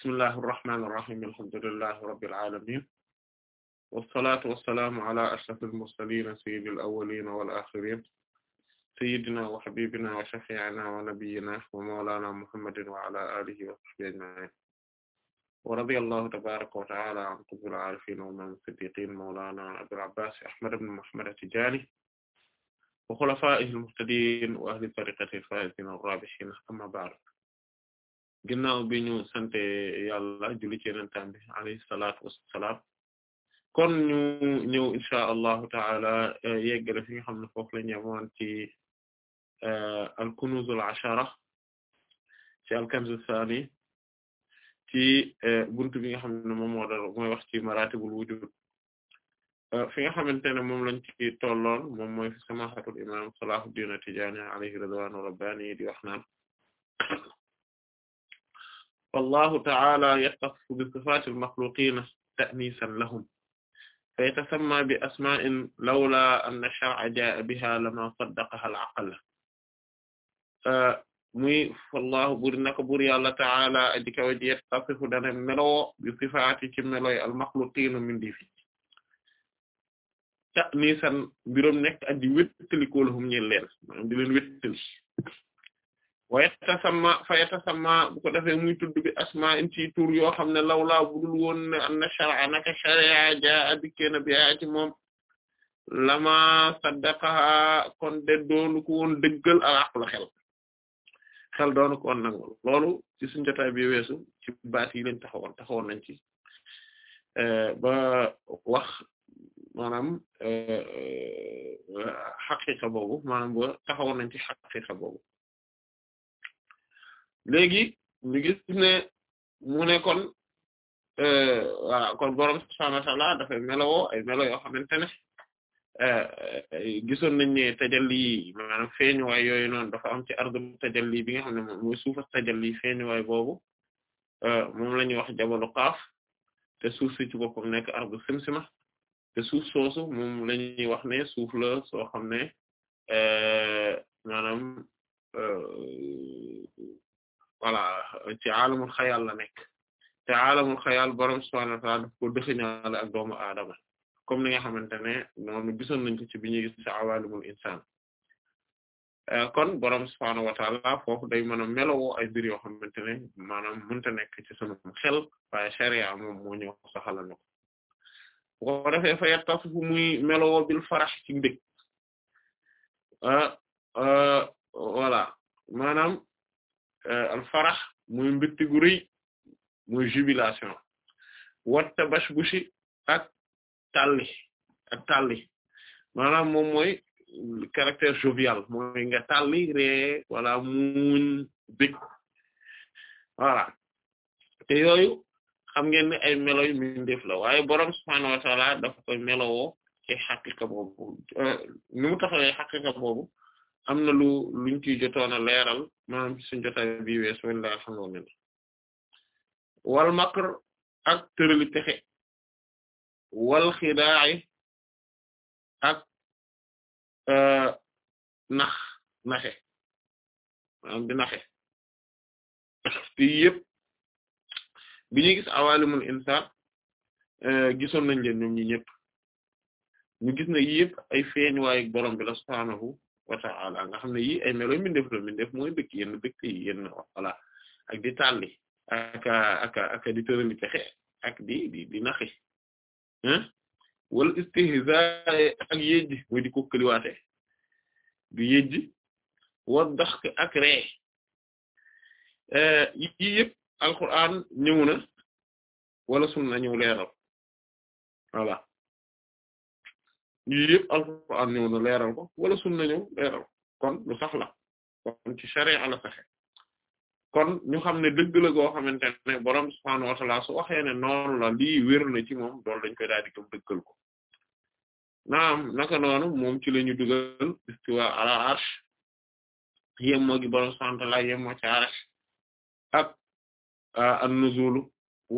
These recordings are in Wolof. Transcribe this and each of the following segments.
bismillahir rahmanir rahim alhamdulillahi rabbil alamin wassalatu wassalamu ala ashrafil mursalin sayyidil awwalin wal akhirin sayyidina wa habibina wa shafi'ina wa nabiyyina wa mawlana muhammadin wa ala alihi wa sahbihi ajma'in wa radiyallahu tabaraka wa ta'ala an qutbil arifin wa man siddiqin mawlana abul abbas ahmad ibn muhammad at-tijani wa khulafa'ihil muhtadin wa ahli tariqatihi al-faizin ar-rabihin amma ba'd ginnaaw bi ñu sante yàlla julli ci yenentaan bi alayhi salaatu wassalaam kon ñu ñëw insha allahu taala eh, yeggale fi nga xam ne foofu la ñemoon ci eh, al kunuz al ashara ci al kanz al thani ci eh, buntu bi nga xam ne moom moo doon wax ci maratibul wujud fi nga xamante ne moom lañ ci tolloon moom mooy samahatul imam salahuddin tijani alayhi ridwanu rabbani di wallahu ta'ala yaxtassu bi sifaatil maxluqiina ta'niisan lahum fa yatasamma bi asmaa'in lawlaa anna shar'a jaa'a bihaa lamaa saddaqahaa al-aql muy wallahu buri naka buri yàlla ta'ala aji kaw ji yattasifu dana meloo bi sifaati ci meloy al-maxluqiina mindi fi ta'niisan nekk aji wéttalikoo lahum ñeel leen di leen wéttali wa yatasamma fa yatasamma bu ko defee muy tudd bi asma in ci tur yoo xam ne lawlaa budul woon ne an na shar'a naka sharia jaa dikkee na bi ci moom lama saddaqaha kon de doonu ko woon dëggal alaqla xel xel doonu ko woon nangul loolu ci suñ jotaay bi weesu ci baat yi lañ taxawoon taxawoon nañ ci eh, ba wax maanaam eh, eh, xaqiqa boobu maanaam ba taxawoon nañ ci xaqiqa boobu léegi ñu gis ne mu ne kon waaw euh, kon borom subhaanahu wa ta'aala ay melo yoo xamante ne euh, gisoon nañ ne tajalli maanaam feeñuwaay yooyu noonu dafa am ci ardu tajalli bi nga xam ne moom mooy suufas tajalli feeñuwaay boobu euh, moom la ñuy wax jabalu qaaf te suuf si ci boppam nekk ardu simsima te suuf soosu moom la ñuy wax ne suuf la soo xam ne maanaam voilà ci alamul xayal la nekk te alamul xayal borom subhaanahu wa ta'aala daf ko dëxëñaale ak doomu aadama comme ni nga xamante ne noonu gisoon nañ ko ci bi ñuy gis ci euh, kon borom subhaanahu wa ta'aala foofu day yoo xamante ne bil farax ci mbég euh, euh, voilà maanaam Euh, al farax muy mbégte gu muy jubilation watta bashbushi ak tàlli ak tàlli maanaam moom mooy caractère jovial mooy nga tàlli ree wala muñ bég voilà te yooyu xam ngeen ne ay melo yu mindeef la waaye boroom subhaanahu wa ta'aala dafa koy melowoo ci xaqiqa boobu euh, ni mu xaqiqa boobu am na lu luñ ciy jotoon leeral maanaam ci suñ jotaay bi wees walilahi alhamdulillah wal makr ak tërali pexe wal xidaay ak euh, nax naxe maanaam di naxe te yëpp bi ñuy gis awalimul insaan euh, gisoon nañ leen ñoom ñi ñëpp gis ne yëpp ay feeñ waaye borom bi la wa ta'ala nga xam ne yii ay melo mbindeef la mbindeef mooy dëkk yenn ak di tàlli ak ak ak di tërali pexe ak di di naxi ah wala istihza ak eh, wala yii yëpp alxuraan ñëw na leeral ko wala sunna ñëw leeral kon lu sax la kon ci sharia la kon ñu xam ne dëgg la goo xamante ne borom subhaanahu wa ta'ala su waxee ne noonu la lii wér na ci moom dool dañ koy daal di gëm dëggal ko naam naka noonu moom ci la ñu dugal istiwa ala arsh yemmoo gi borom subhaanahu wa ta'ala yemmoo ci arsh ak ah, an-nuzulu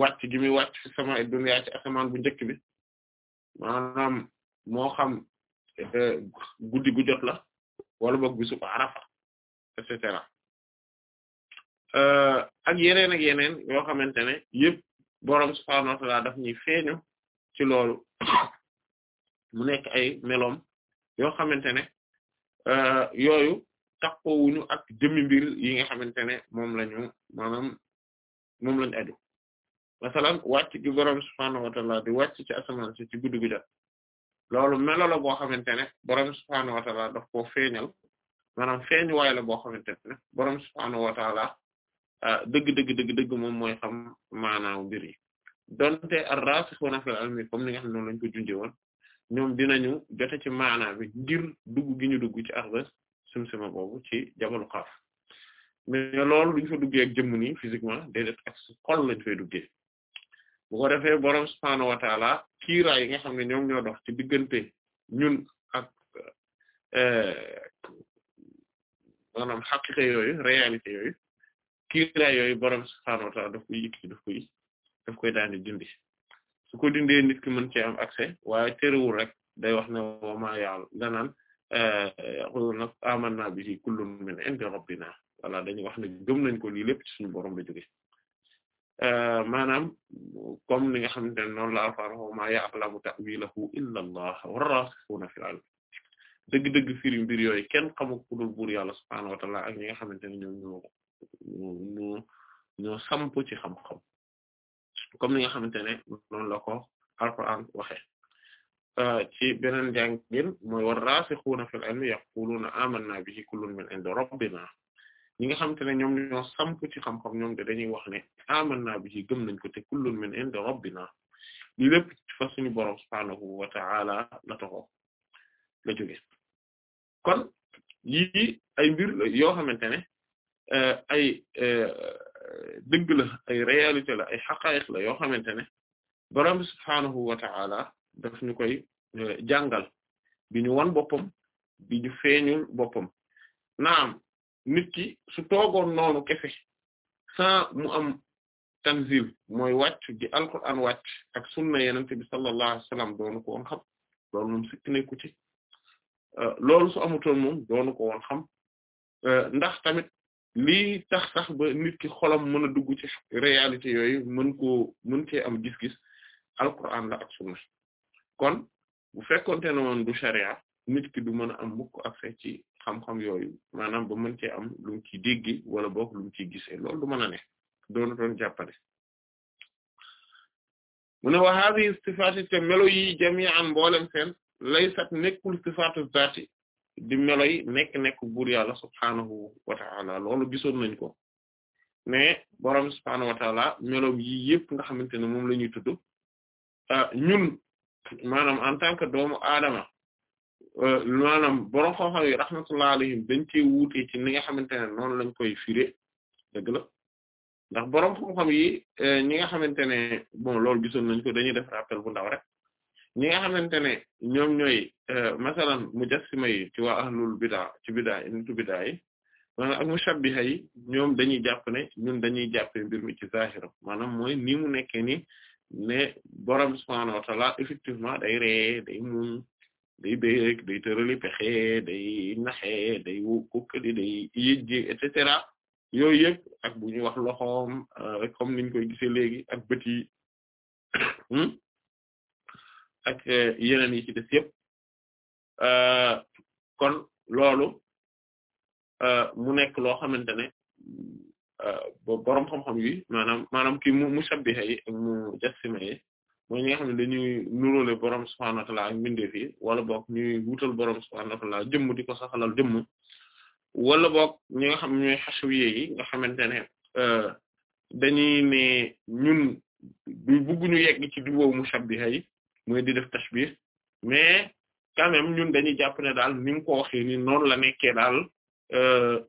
wàcc gi muy wàcc fi sama bu njëkk bi moo xam euh, guddi gu jot la wala boog bisu arafa et cetera euh, ak yeneen ak yeneen yoo xamante ne yëpp boroom subhaanahu wa daf ñuy feeñu ci loolu mu nekk ay meloom yoo xamante ne euh, yooyu taxawuñu ak jëmmi mbir yi nga xamante ne moom la ñu maanaam moom la ñu aju masalan wàcc gi boroom subhaanahu wa di wàcc ci ci guddi gu loolu melo la boo xamante ne borom subhaanahu wa taala daf koo feeñal maanaam feeñu waay la boo xamante ne borom subhaanahu wa taala ah, dëgg dëgg dëgg dëgg moom mooy xam maanaam mbir yi donte ar-raasixuuna fil ilmi comme ni nga xam ne noonu lañ ko junjee woon ñoom dinañu jote ci maanaam bi ngir dugg gi ñu dugg ci arda simsima boobu ci jabalu xaaf mais loolu duñ fa duggee ak jëmm nii physiquement déedéet ak xol lañ fay duggee. bu ko defee borom subhaanahu wa yi nga xam ne ñoom ñoo dox ci diggante ñun ak eh, maanaam xaqiqa yooyu réalité yooyu kiira yooyu borom subhaanahu wa taala koy yëkkati daf koy koy daal di dindi su ko dindee nit ki mën cee am accès waaye terewul rek day wax ne wa ma yàlla danaan eh, yaquluna amanna bihi kullun min indi rabbina wala dañuy wax ne gëm nañ ko lii lépp ci suñu borom la jóge Euh, maanaam kom ni nga xamante ne noonu la alquran wa ma ya'lamu ta'wilahu Allah war-rasikhuna fil mbir yooyu ken xamu ko dul buur yàlla subhaanahu wa ta'ala ak ñi nga xamante ne ñoom ñoo ci xam-xam comme ni nga xamante ne noonu la ko alquran waxe euh, ci beneen jàngin mooy war-rasikhuna fil ilmi yaquluna amanna bihi kullun min 'indi rabbina ñi nga xamante ne ñoom ñoo samp ci xam-xam ñoom de dañuy wax ne amanna bi gëm nañ ko te kullun min inda rabbina li lépp fa suñu borom subhaanahu wa ta'ala la toxoo la jóge kon yii ay mbir yoo xamante ne eh, ay eh, dëgg la ay réalité la ay xaqaayiq la yoo xamante ne borom bi subhaanahu wa ta'ala daf ñu koy eh, jàngal bi wan boppam bi feeñul boppam naam nit ki su toogoon noonu kefe sans mu am tanzil mooy wàcc gi alquran wàcc ak sunna yenente bi sallallahu alayhi wasallam doonu ko woon xam ci euh, loolu su moom doonu ko woon xam euh, ndax tamit li tax sax ba nit ki xolam mën a dugg ci réalité yooyu mën koo mën cee am gis-gis alquran la ak sunna kon bu fekkonte ne woon du charia nit ki du mën a am mukk accès ci xam-xam yooyu maanaam ba mën cee am lu mu ciy déggee wala boog lu mu ciy gisee loolu du mën a ne doonutoon jàppale mu ne wa hadhihi sifaati te melo yi jami'an mboolem seen laysat nekkul sifaatu zaati di melo yi nekk nekk buur yàlla subhaanahu wa ta'ala loolu gisoon nañ ko mais borom subhaanahu wa ta'ala meloom yi yëpp nga xamante ne moom la ñuy tudd ah, ñun maanaam en tant que doomu aadama Euh, maanaam borom xom xam yi rahmatullah alayhim dañ cee wuute ci ni nga xamante ne noonu lañ koy firé dëgg la ndax borom xam-xam yi euh, ñi nga xamante ne bon loolu gisoon nañ ko dañuy def rappel bu ndaw ñi nga xamante ne ñoom ñooy euh, masalan mujassima yi ci waa ahlul bida ci bida nitu bida yi maanaam ak mushabbiha yi ñoom dañuy jàpp ne dañuy jàppe mbir mi ci zahir maanaam mooy ni mu nekkee ni ne borom subhaanahu wa ta'ala effectivement day ree day muñ day day day tërali pexe day naxe day woo kokkali day yëjje et cetera yooyu yëpp ak bu ñuy wax loxoom euh, niñ koy gisee léegi ak bët yi hmm? ak euh, yeneen yi ci euh, kon loolu mu nekk loo xamante ne boroom xam-xam yi maanaam maanaam ki mu musabbiha yi ak mu jassima yi mooy ñi nga xam ne dañuy nuróole borom subhaanahu wa ak mbindeef yi wala boog ñuy wutal borom subhaanahu wa ta'aala jëmm di ko saxalal jëmm wala book ñi nga xam ñooy xasawiyé yi nga xamante ne euh, dañuy ne ñun du bëgguñu yegg ci du wow mushabbiha yi mooy di def tashbih mais quand même ñun dañuy jàpp ne daal ni mu ko waxee ni noonu la nekke daal euh,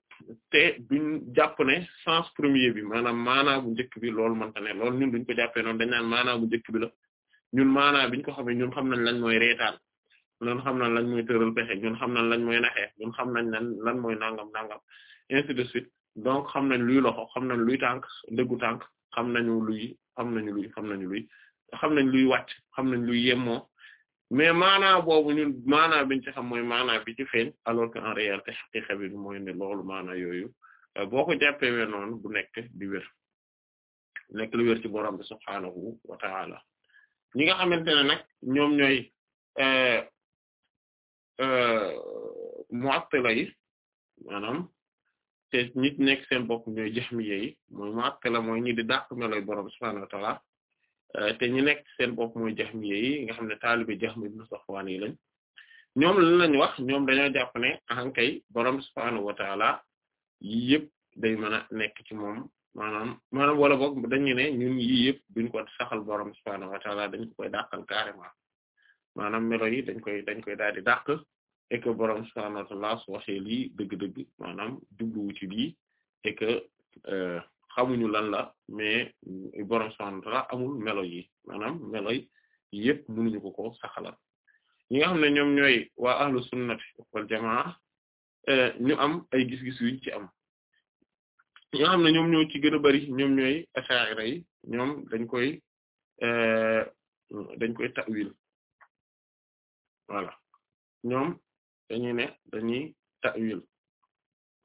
te duñ jàpp ne sens premier bi maanaam maanaa bu njëkk bi loolu mënta ne loolu ñun duñ ko jàppee noon dañ naan maanaa bu njëkk bi la ñun maanaam biñ ko xamee ñun xam nañ lan mooy reetaan ñun xam nañ lan mooy tëral pexe ñun xam nañ lan mooy naxee ñun xam nañ lan lan mooy nangam nangam ainsi de suite donc xam nañ luy loxo xam nañ luy tànk dëggu tànk xam nañu luy xam nañu luy xam nañu luy xam nañ luy wàcc xam nañ luy yemmoo mais maanaa boobu ñun maanaa biñ ci xam mooy maanaa bi ci feeñ alors que en réalité xaqiqa bi mooy ne loolu maanaa yooyu euh, boo ko jàppee noonu bu nekk di nekk lu wér ci borom bi subhaanahu wa ta'ala ñi nga xamante ne nag ñoom ñooy euh, euh, mu'attila yi maanaam te nit nekk seen bopp ñooy jahmiya yi mooy mu'attila mooy ñi di dàq meloy borom subhaanahu wa euh, te ñi nekk seen bopp mooy jahmiya yi nga xam ne taalibe Jahm ibn Safwan yi lañ ñoom lan lañ wax ñoom dañoo jàpp ne ahankay borom subhaanahu wa ta'ala yëpp day mën a nekk ci moom maanaam maanaam wala boog dañu ne ñun yii yëpp duñ ko saxal borom subhaanahu wa ta'ala dañ ko koy dàqal carrément maanaam melo yi dañ koy dañ koy daal di dàq et borom subhaanahu wa ta'ala su lii dëgg-dëgg maanaam jubluwu ci lii euh, xamuñu lan la mais borom subhaanahu wa ta'ala amul melo yi maanaam melo yi yëpp mënuñu ko ko nga xam ne ñoom ñooy waa ahlu sunnati wal jamaa euh, ñu am ay gis-gis yuñ ci am ñi nga xam ne ñoom ñoo ci gën a bari ñoom ñooy asaira yi ñoom dañ koy eh, dañ koy ta'wil voilà ñoom dañuy ne dañuy ta'wil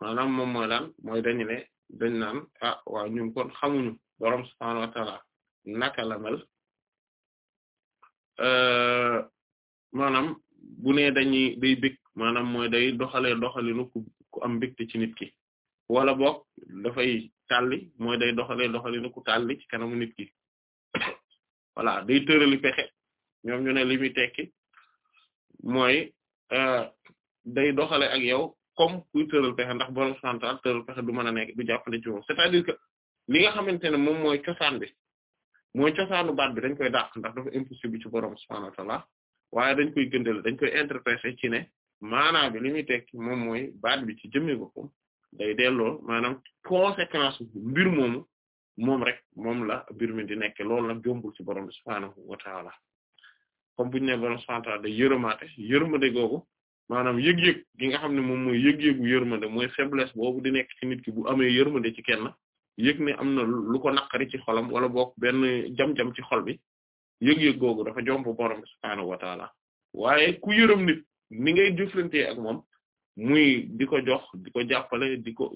maanaam moom mooy lan mooy dañu ne dañ naan ah waaw ñun kon xamuñu borom subhaanahu wa naka la mel eh, maanaam bu ne dañuy day bik maanaam mooy day doxale doxalinu ku am mbégte ci nit ki wala boog dafay tàlli mooy day doxalee doxalinu ku tàlli ci kanamu nit ki voilà day tërali pexe ñoom ñu ne li muy mooy euh, day doxale ak yow comme kuy tëral pexe ndax borom subhaanahu wa ta'aala tëral pexe du mën a nekk du jàppale ci moom c'est-à-dire que li nga xamante ne moom mooy cosaan bi mooy cosaanu baat bi dañ koy dàq ndax dafa impossible ci borom subhaanahu wa ta'aala waaye dañ koy gëndal dañ koy interpréter ci ne maanaa bi li muy tekki moom mooy baat bi ci jëmmi day delloo maanaam conséquence mbir moomu moom rek moom la mbir mi di nekk loolu nag jombul ci borom bi subhaanahu wa taala comme bu ñu nee borom subhaanahu wa taala day ma de googu maanaam yëg-yëg gi nga xam ne moom mooy yëg-yëgu yërmande mooy faiblesse boobu di nekk ci nit ki bu amee yërmande ci kenn yëg ne am na lu ko naqari ci xolam wala boog benn jam-jam ci xol bi yëg-yëg googu dafa jomb borom bi subhaanahu wa taala ku yërëm muy di ko jox di ko jàppale di ko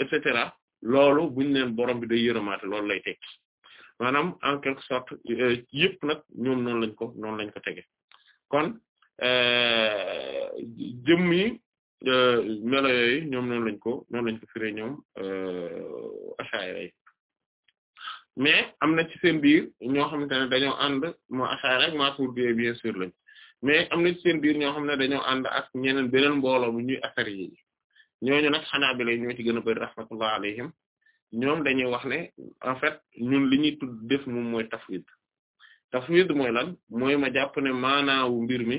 et cetera loolu buñ neen borom bi day yërëmaate loolu lay tekki maanaam en quelque sorte euh, yëpp nag ñoom noonu lañ ko noonu lañ ko tege kon euh, jëmm yi euh, melo yooyu ñoom noonu lañ ko noonu lañ ko firé ñoom ashayra yi mais am na ci seen biir ñoo xamante ne dañoo ànd ma ashayra ak maturidi bien sur lañ mais am na ci seen biir ñoo xam ne dañoo ànd ak ñeneen beneen mbooloo bu ñuy affaire yi ñooñu nag xanaa bi lay ñoo ci gën a bëri rahmatullah alayhim ñoom dañuy wax ne en fait ñun li ñuy tudd def moom mooy tafwid tafwid mooy lan mooy ma jàpp ne maanaawu mbir mi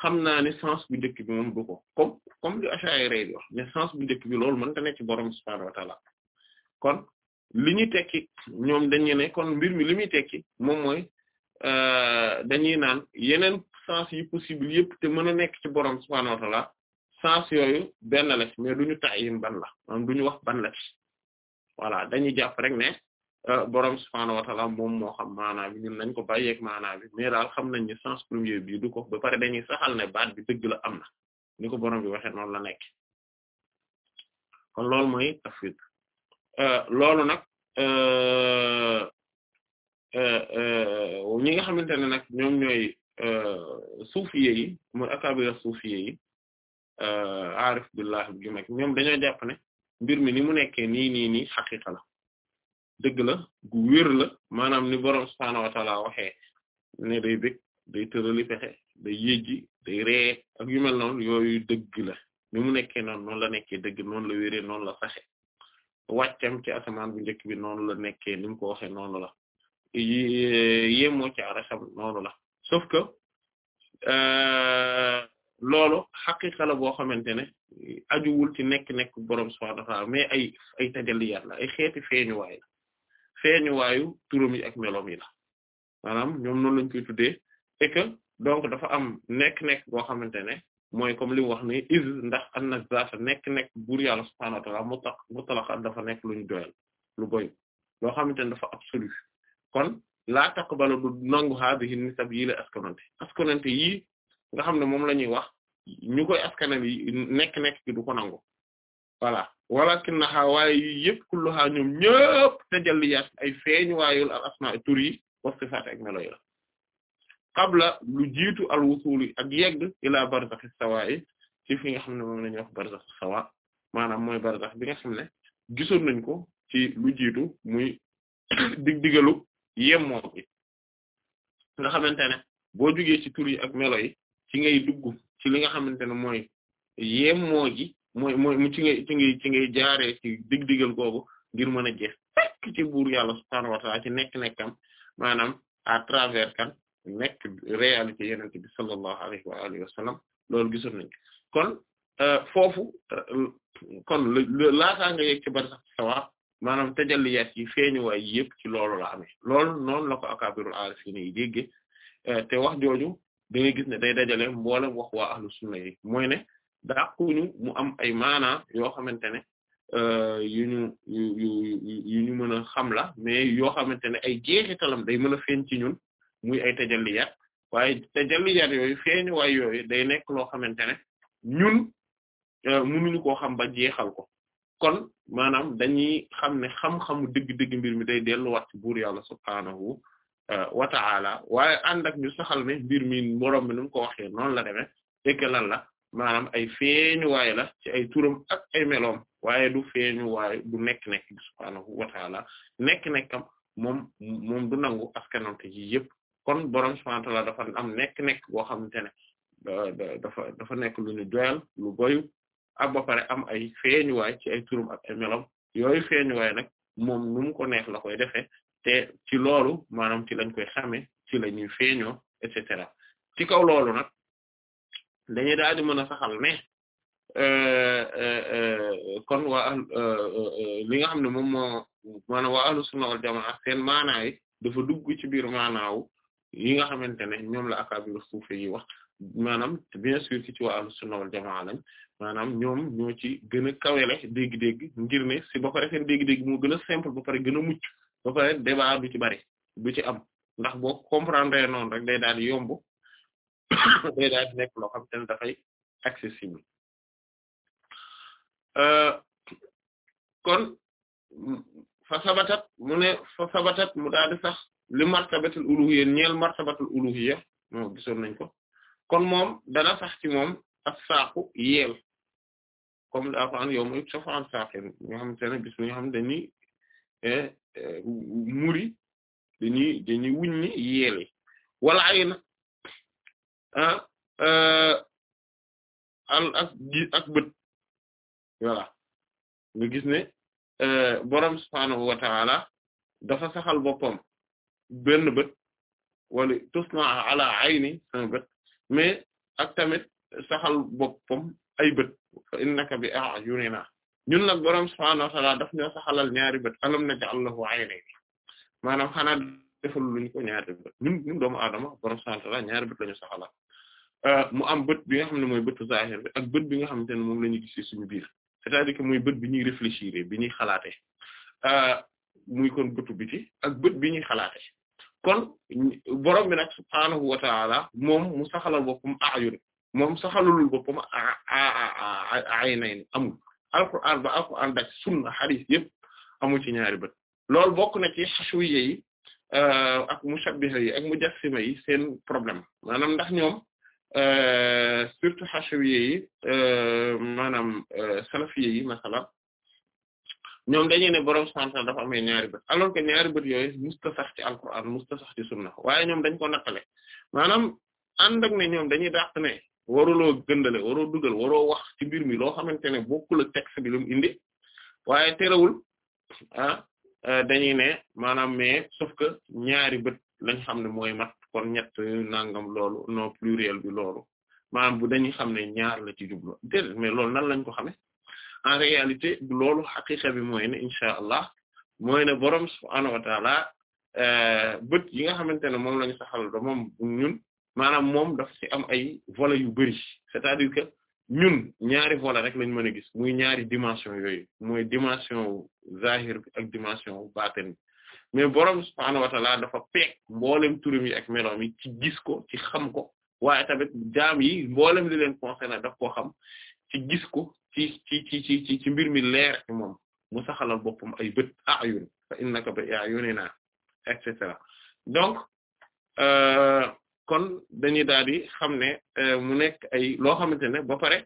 xam naa ne sens bu njëkk bi moom du ko comme comme li Ash'ari di wax ne sens bu njëkk bi loolu mënta ne ci borom subhaanahu wa ta'ala kon li ñuy ñoom dañu ne kon mbir mi li muy tekki moom mooy Euh, dañuy naan yeneen sens yi possible yëpp te mën a nekk ci borom subhaanahu wa ta'ala sens yooyu benn la ci mais duñu tayin ban la maanaam duñu wax ban la ci voilà dañuy jàpp rek ne euh, borom subhaanahu wa ta'ala moom moo xam maanaa bi ñun nañ ko bàyyeeg maanaa bi mais daal xam nañ ne sens premier bii du ko ba pare dañuy saxal ne baat bi dëgg la am na ni ko borom bi waxee la nekk kon loolu mooy tafwid euh, loolu nag Euh, euh, ñi nga xamante ne nag ñoom ñooy euh, suuf yi mooy akabira suufiye yi aarif billah bi mag ñoom dañoo jàpp ne mbir mi ni mu nekkee nii nii nii xaqiqa la dëgg la gu wér la maanaam ni borom subhaanahu wa taala waxee ne day bëgg day tërali pexe day yéjji day ree ak yu mel noonu yooyu dëgg la ni mu nekkee noonu noonu la nekkee dëgg noonu la wéree noonu la saxe wàccam ci asamaan bu njëkk bi noonu la nekkee ni mu ko waxee noonu la yéemoo ci arasham noonu la sauf que euh, loolu xaqiqa la boo xamante ne ajuwul ci nekk-nekk boroom subhaanahu wa ta'aala mais ay ay tajalliyaat la ay xeeti feeñuwaay la feeñuwaayu turam yi ak meloom la maanaam ñoom noonu lañ koy tuddee et donc dafa am nekk-nekk boo xamante ne mooy comme li wax ni is ndax an na zaata nekk-nekk buur yàlla subhaanahu wa ta'aala mutlaq mutlaq dafa nekk lu ñu doyal lu boy loo xamante dafa absolu kon laa taqbalu du nangu hadhihi nisab yii la askanante askanante yii nga xam ne moom la ñuy wax ñu koy nekk-nekk gi du ko nangu voilà walakinaha waaye yii yëpp kulluha ñoom ñëpp tajalliyaat ay feeñ waayul al asmaa tur yi wa sifaat ak melo yi la lu jiitu al ak yegg ila barzakh sawa yi ci fi nga xam ne moom la wax barzakh sawa maanaam mooy barzakh bi nga xam ne gisoon nañ ko ci lu jiitu muy dig yemmoo bi nga xamante ne boo jugee ci tur yi ak melo yi ci ngay dugg ci li nga xamante ne mooy yemmoo gi mooy mooy mu ci ngay ci ngay ci ci dig-digal googu ngir mën a jeex fekk ci buur yàlla a wa ta'ala ci nekk-nekkam maanaam a travers kan nekk réalité yenente bi sallallahu alayhi wa alihi wa sallam loolu gisoon nañ kon euh, foofu euh, kon laataa nga yegg ci barsax sawar maanaam tajalliyaat yi feeñuwaay yëpp ci loolu la amee loolu noonu a ko akaabirul aarifiin yi déggee eh, te wax jooju da ngay gis ne day dajale mboolem wax wa ahlu sunna yi mooy ne dàquñu mu am ay maanaa yoo xamante ne eh, yu ñu yu mën xam la mais yoo xamante ne ay jeexitalam da mën a feeñ ci ñun muy ay tajalliyaat waaye tajalliyaat yooyu feeñuwaay yooyu day nekk loo xamante ne ñun eh, mënuñu koo xam ba jeexal ko kon maanaam dañuy xam ne xam-xamu dëgg-dëgg mbir mi day delluwaat ci buur yàlla subhaanahu euh, wa ta'ala waaye ànd ak ñu saxal ne mbir mi borom mi nu ko waxee noonu la demee fekk lan la maanaam ay feeñuwaay la ci ay turam ak ay meloom waaye du feeñuwaay du nekk-nekk bi subhaanahu wa nekk-nekkam moom moom du nangu askanam te ji yëpp kon borom subhaanahu wa dafa am nekk-nekk boo xamante ne euh, dafa nekk lu ñu doyal lu boyu ak ba pare am ay feeñuwaay ci ay turum ak ay melam yooyu feeñuwaay nag moom nu ko neex la koy defee te ci loolu maanaam ci lañ koy xamee ci la ñuy feeñoo et cetera ci kaw loolu nag dañuy daal di mën a saxal ne euh, euh, euh, kon waa li nga xam ne moom moo maanaam waa ahlu wal jamaa seen maanaa yi dafa dugg ci biir maanaawu yi nga xamante ne ñoom la akaabiru suufe yi wax maanaam bien sûr ci ci waa ahlu jamaa lañ maanaam ñoom ñoo ci gën a kawele dégg-dégg ngir ne si ba pare seen dégg-dégg moo gën a simple ba pare gën a ba pare débat du ci bari du ci am ndax boo comprendre noonu rek day daal di yomb day daal di nekk loo xam dafay accessible euh, kon fa sabatat mu ne fa sabatat mu daal sax li martabatul uluhiyya ñeel martabatul uluhiyya moo gisoon nañ ko kon moom dana sax ci moom ak saaqu yeel comme li Alxuraan yawma yukshafu an saaqin nga xamante ne bis mi nga xam dañuy eh, eh, muri dañuy dañuy wuññi yeeli wala ay na ah eh, al ak gi ak bët voilà nga gis ne borom subhaanahu wa dafa saxal boppam benn bët wala tusna ala ayni sama bët mais ak tamit saxal boppam ay bët innaka bi a'yunina ñun nag borom subhaanahu wa ta'aala daf ñoo saxalal ñaari bët alam naj'al lahu 'aynayni maanaam xanaa defal luñ ko ñaari bët ñun ñun doomu aadama borom subhaanahu ñaari bët la ñu euh, mu am bët bi nga xam ne mooy bëtu zaahir bi ak bët bi nga xamante ne moom lañu ñu gisee suñu biir cest à muy bët bi ñuy réfléchir bi ñuy xalaatee euh, muy kon bëtu biti ak bët bi ñuy xalaatee kon borom bi nag subhaanahu wa ta'aala moom mu saxalal boppam a'yun moom saxalalul boppam ay nay amul alquran ba alquran dak sunna xadis yëpp amul ci ñaari bët loolu bokk na ci xasuwiye euh, yi ak mushabbiha yi seen problème maanaam ndax ñoom euh, surtout xasuwiye yi euh, maanaam salafiye yi masala ñoom dañuy ne borom santal dafa amee ñaari bët alors que ñaari bët yooyu musta sax ci alquran musta sax ci sunna waaye ñoom dañ ko nattale maanaam ànd ak ne ñoom dañuy dàq waruloo gëndale waroo dugal waro wax ci mbir mi loo xamante ne bokkul ak texte bi lu mu indi waaye terewul ah euh, dañuy ne maanaam mais sauf que ñaari bët lañ xam ne mooy mat kon ñett nangam loolu non pluriel bi loolu maanaam bu dañuy xam ne ñaar la ci jublu déedéet mais loolu nan lañ ko xamee en réalité loolu xaqiqa bi mooy ne incha allah mooy ne borom subhaanahu wa taala euh, bët yi nga xamante ne moom lañ saxal da moom ñun maanaam moom dafa ci am ay volets yu bëri c'est-à-dire que ñun ñaari volets rek lañ mën a gis muy ñaari dimension yooyu muy dimension zahir bi ak dimension baatin bi mais borom subhaanahu wa ta'ala dafa peeg mboolem turam yi ak ci gis ko ci xam ko waaye jaam yi mboolem li leen concerné daf koo xam gis ko ci ci ci ci mbir mi leer ci mu saxalal boppam ay bët ayun fa innaka bi ayunina et kon dañuy daal di xam ne euh, mu nekk ay loo xamante ne ba pare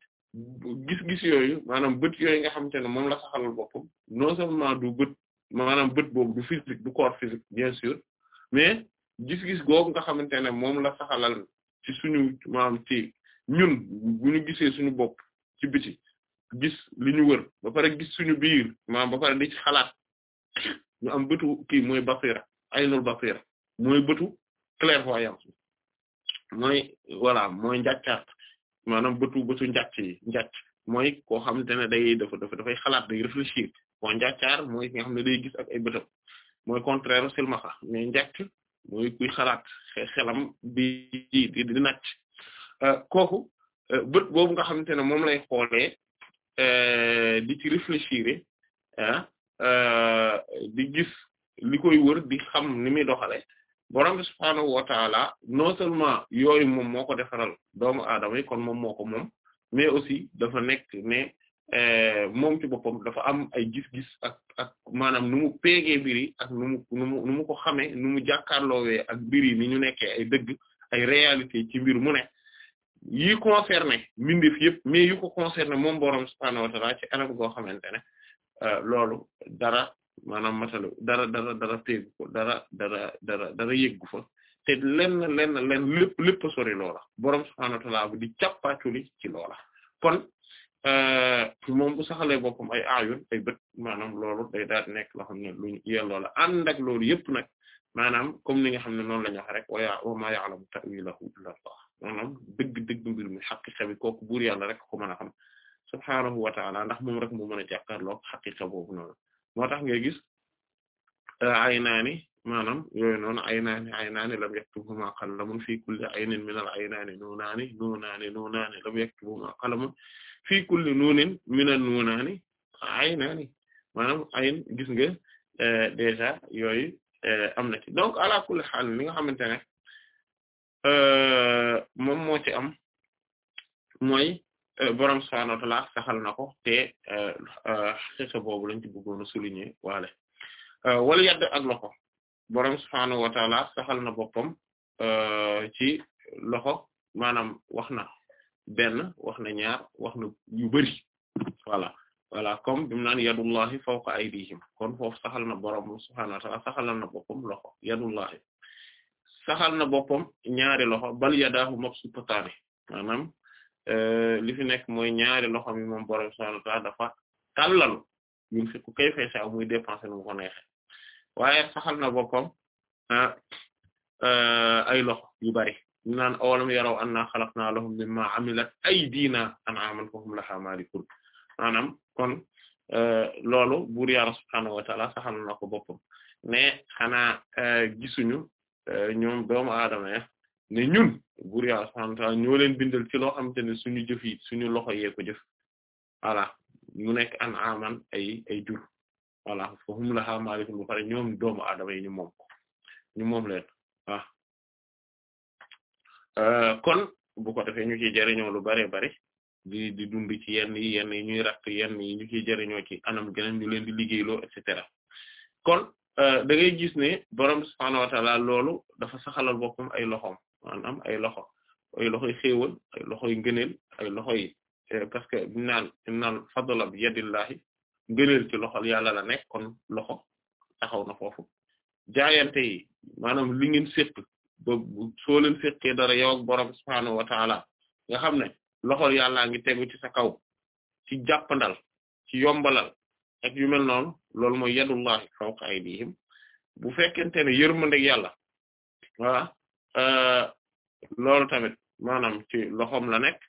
gis-gis yooyu maanaam bët yooyu nga xamante ne moom la saxalal boppam non seulement du bët maanaam bët boobu du physique du corps physique bien sûr mais gis-gis googu nga xamante ne moom la saxalal ci suñu maanaam ci ñun bu ñu gisee suñu bopp ci biti gis li ñu wër ba pare gis suñu biir maanaam ba pare di xalaat ñu am bëtu kii mooy basira aynul basira mooy bëtu clairvoyance bi mooy voilà mooy njàccaat maanaam bëtu bëtu njàcc yi njàcc mooy koo xamante ne day dafa dafa dafay xalaat day réfléchir bon njàccaar mooy ki nga xam ne day gis ak ay bëtam mooy contraire silmaxa mais njàcc mooy kuy xalaat xelam bi di di di nàcc euh, kooku euh, bët boobu nga xamante ne moom lay xoolee euh, di ci réfléchir ah di gis li koy di xam ni muy doxale borom bi subhaanahu wa non seulement yooyu moom moo ko defaral doomu aadama yi kon moom moo ko moom mais aussi dafa nekk ne eh, moom ci boppam dafa am ay gis-gis ak ak maanaam nu mu peegee mbiri ak nu mu nu mu ko xamee nu mu jàkkaarloowee ak mbiri ni ñu nekkee ay dëgg ay réalité ci mbir mu ne yi concerné mbindeef yëpp mais yi ko concerné moom borom subhaanahu wa taala ci anam goo xamante ne eh, loolu dara maanaam matale dara dara dara téegu ko dara dara dara dara yëggu fa te lenn lenn lenn lépp lépp a sori loola borom subhaanahu wa ta'aala bu di càppaaculi ci loola kon euh, moom bu saxalee boppam ay aayun ay bët maanaam loolu nekk loo xam ne luñu yelloo la ànd ak loolu yëpp nag maanaam comme ni nga xam ne noonu la ñu wax rek wa wa maa ya'lamu ta'wiilahu illa dëgg dëgg mi xaqiqa bi kooku buur yàlla rek ko mën a xam ndax moom rek mu mën a jàkkaarloo moo tax ngay gis euh, aynaani maanaam yooyu noonu aynaani aynaani lam yaktubuhumaa qalamun fii kulli aynin minal aynaani nuunaani nuunaani nuunaani lam yaktubuhumaa qalamun fii kulli nuunin minal nuunaani aynaani maanaam ayn gis nga euh, déjà yooyu euh, am na donc ala kulli xaal li nga xamante ne moom moo ci am mooy Euh, borom subhaanahu wa ta'aala na ko te xeexa euh, euh, boobu lañ ci bëggoon a souligner waale wala yadd ak loxo borom subhaanahu wa ta'aala na boppam ci loxo maanaam wax na benn wax na ñaar wax na yu bari voilà voilà comme bi mu naan yadullahi kon foofu saxal na borom subhaanahu wa ta'aala na boppam loxo yadullahi saxal na boppam ñaari loxo bal yadaahu mabsuutataani maanaam. Euh, li fi nekk mooy ñaari loxo mi moom borom subhaanahu wa dafa tàllalu ñun fi ku kay fay sa muy dépenser nu mu ko waaye saxal na bo boppam ah, euh, ay loxo yu bari ñu naan awalam yaraw annaa xalaqnaa lahum mimmaa amilat aydiinaa an'aaman fahum lahaa maalikuun maanaam kon euh, loolu buur yàlla subhaanahu wa ta'aala saxal na ko boppam mais xanaa gisuñu ñoom doomu aadama ya ne ñun buur yàlla subhaanahu wa ta'aala leen bindal ci loo xamante ne suñu jëf suñu loxo yee ko jëf voilà mu nekk an aman ay ay jur voilà fa hum lahaa malikun ba pare ñoom doomu aadama yi ñu moom ko ñu moom leen waaw euh, kon bu ko defee ñu ciy jëriñoo lu bare bari di di dund ci yenn yi yenn yi ñuy ratt yenn yi ñu ciy jëriñoo anam geneen ñu leen di liggéeyloo et cetera kon euh, da ngay gis ne borom subhaanahu wa ta'aala loolu dafa saxalal boppam ay loxoom maanaam ay loxo ay loxo xéewal ay loxoy ngëneel ay loxoy eh, parce que biñu naan biñu naan fadla bi yadillahi ngëneel ci loxol yàlla la nekk kon loxo taxaw na foofu jaayante yi maanaam li ngeen séq ba soo leen séqee dara yow ak borom subhaanahu nga xam ne loxol yàllaa ngi tegu ci sa kaw ci jàppandal ci yombalal ak yu mel noonu loolu mooy yadullahi fawqa aydihim bu fekkente ne yërmandeg yàlla voilà Euh, loolu tamit maanaam ci loxoom la nekk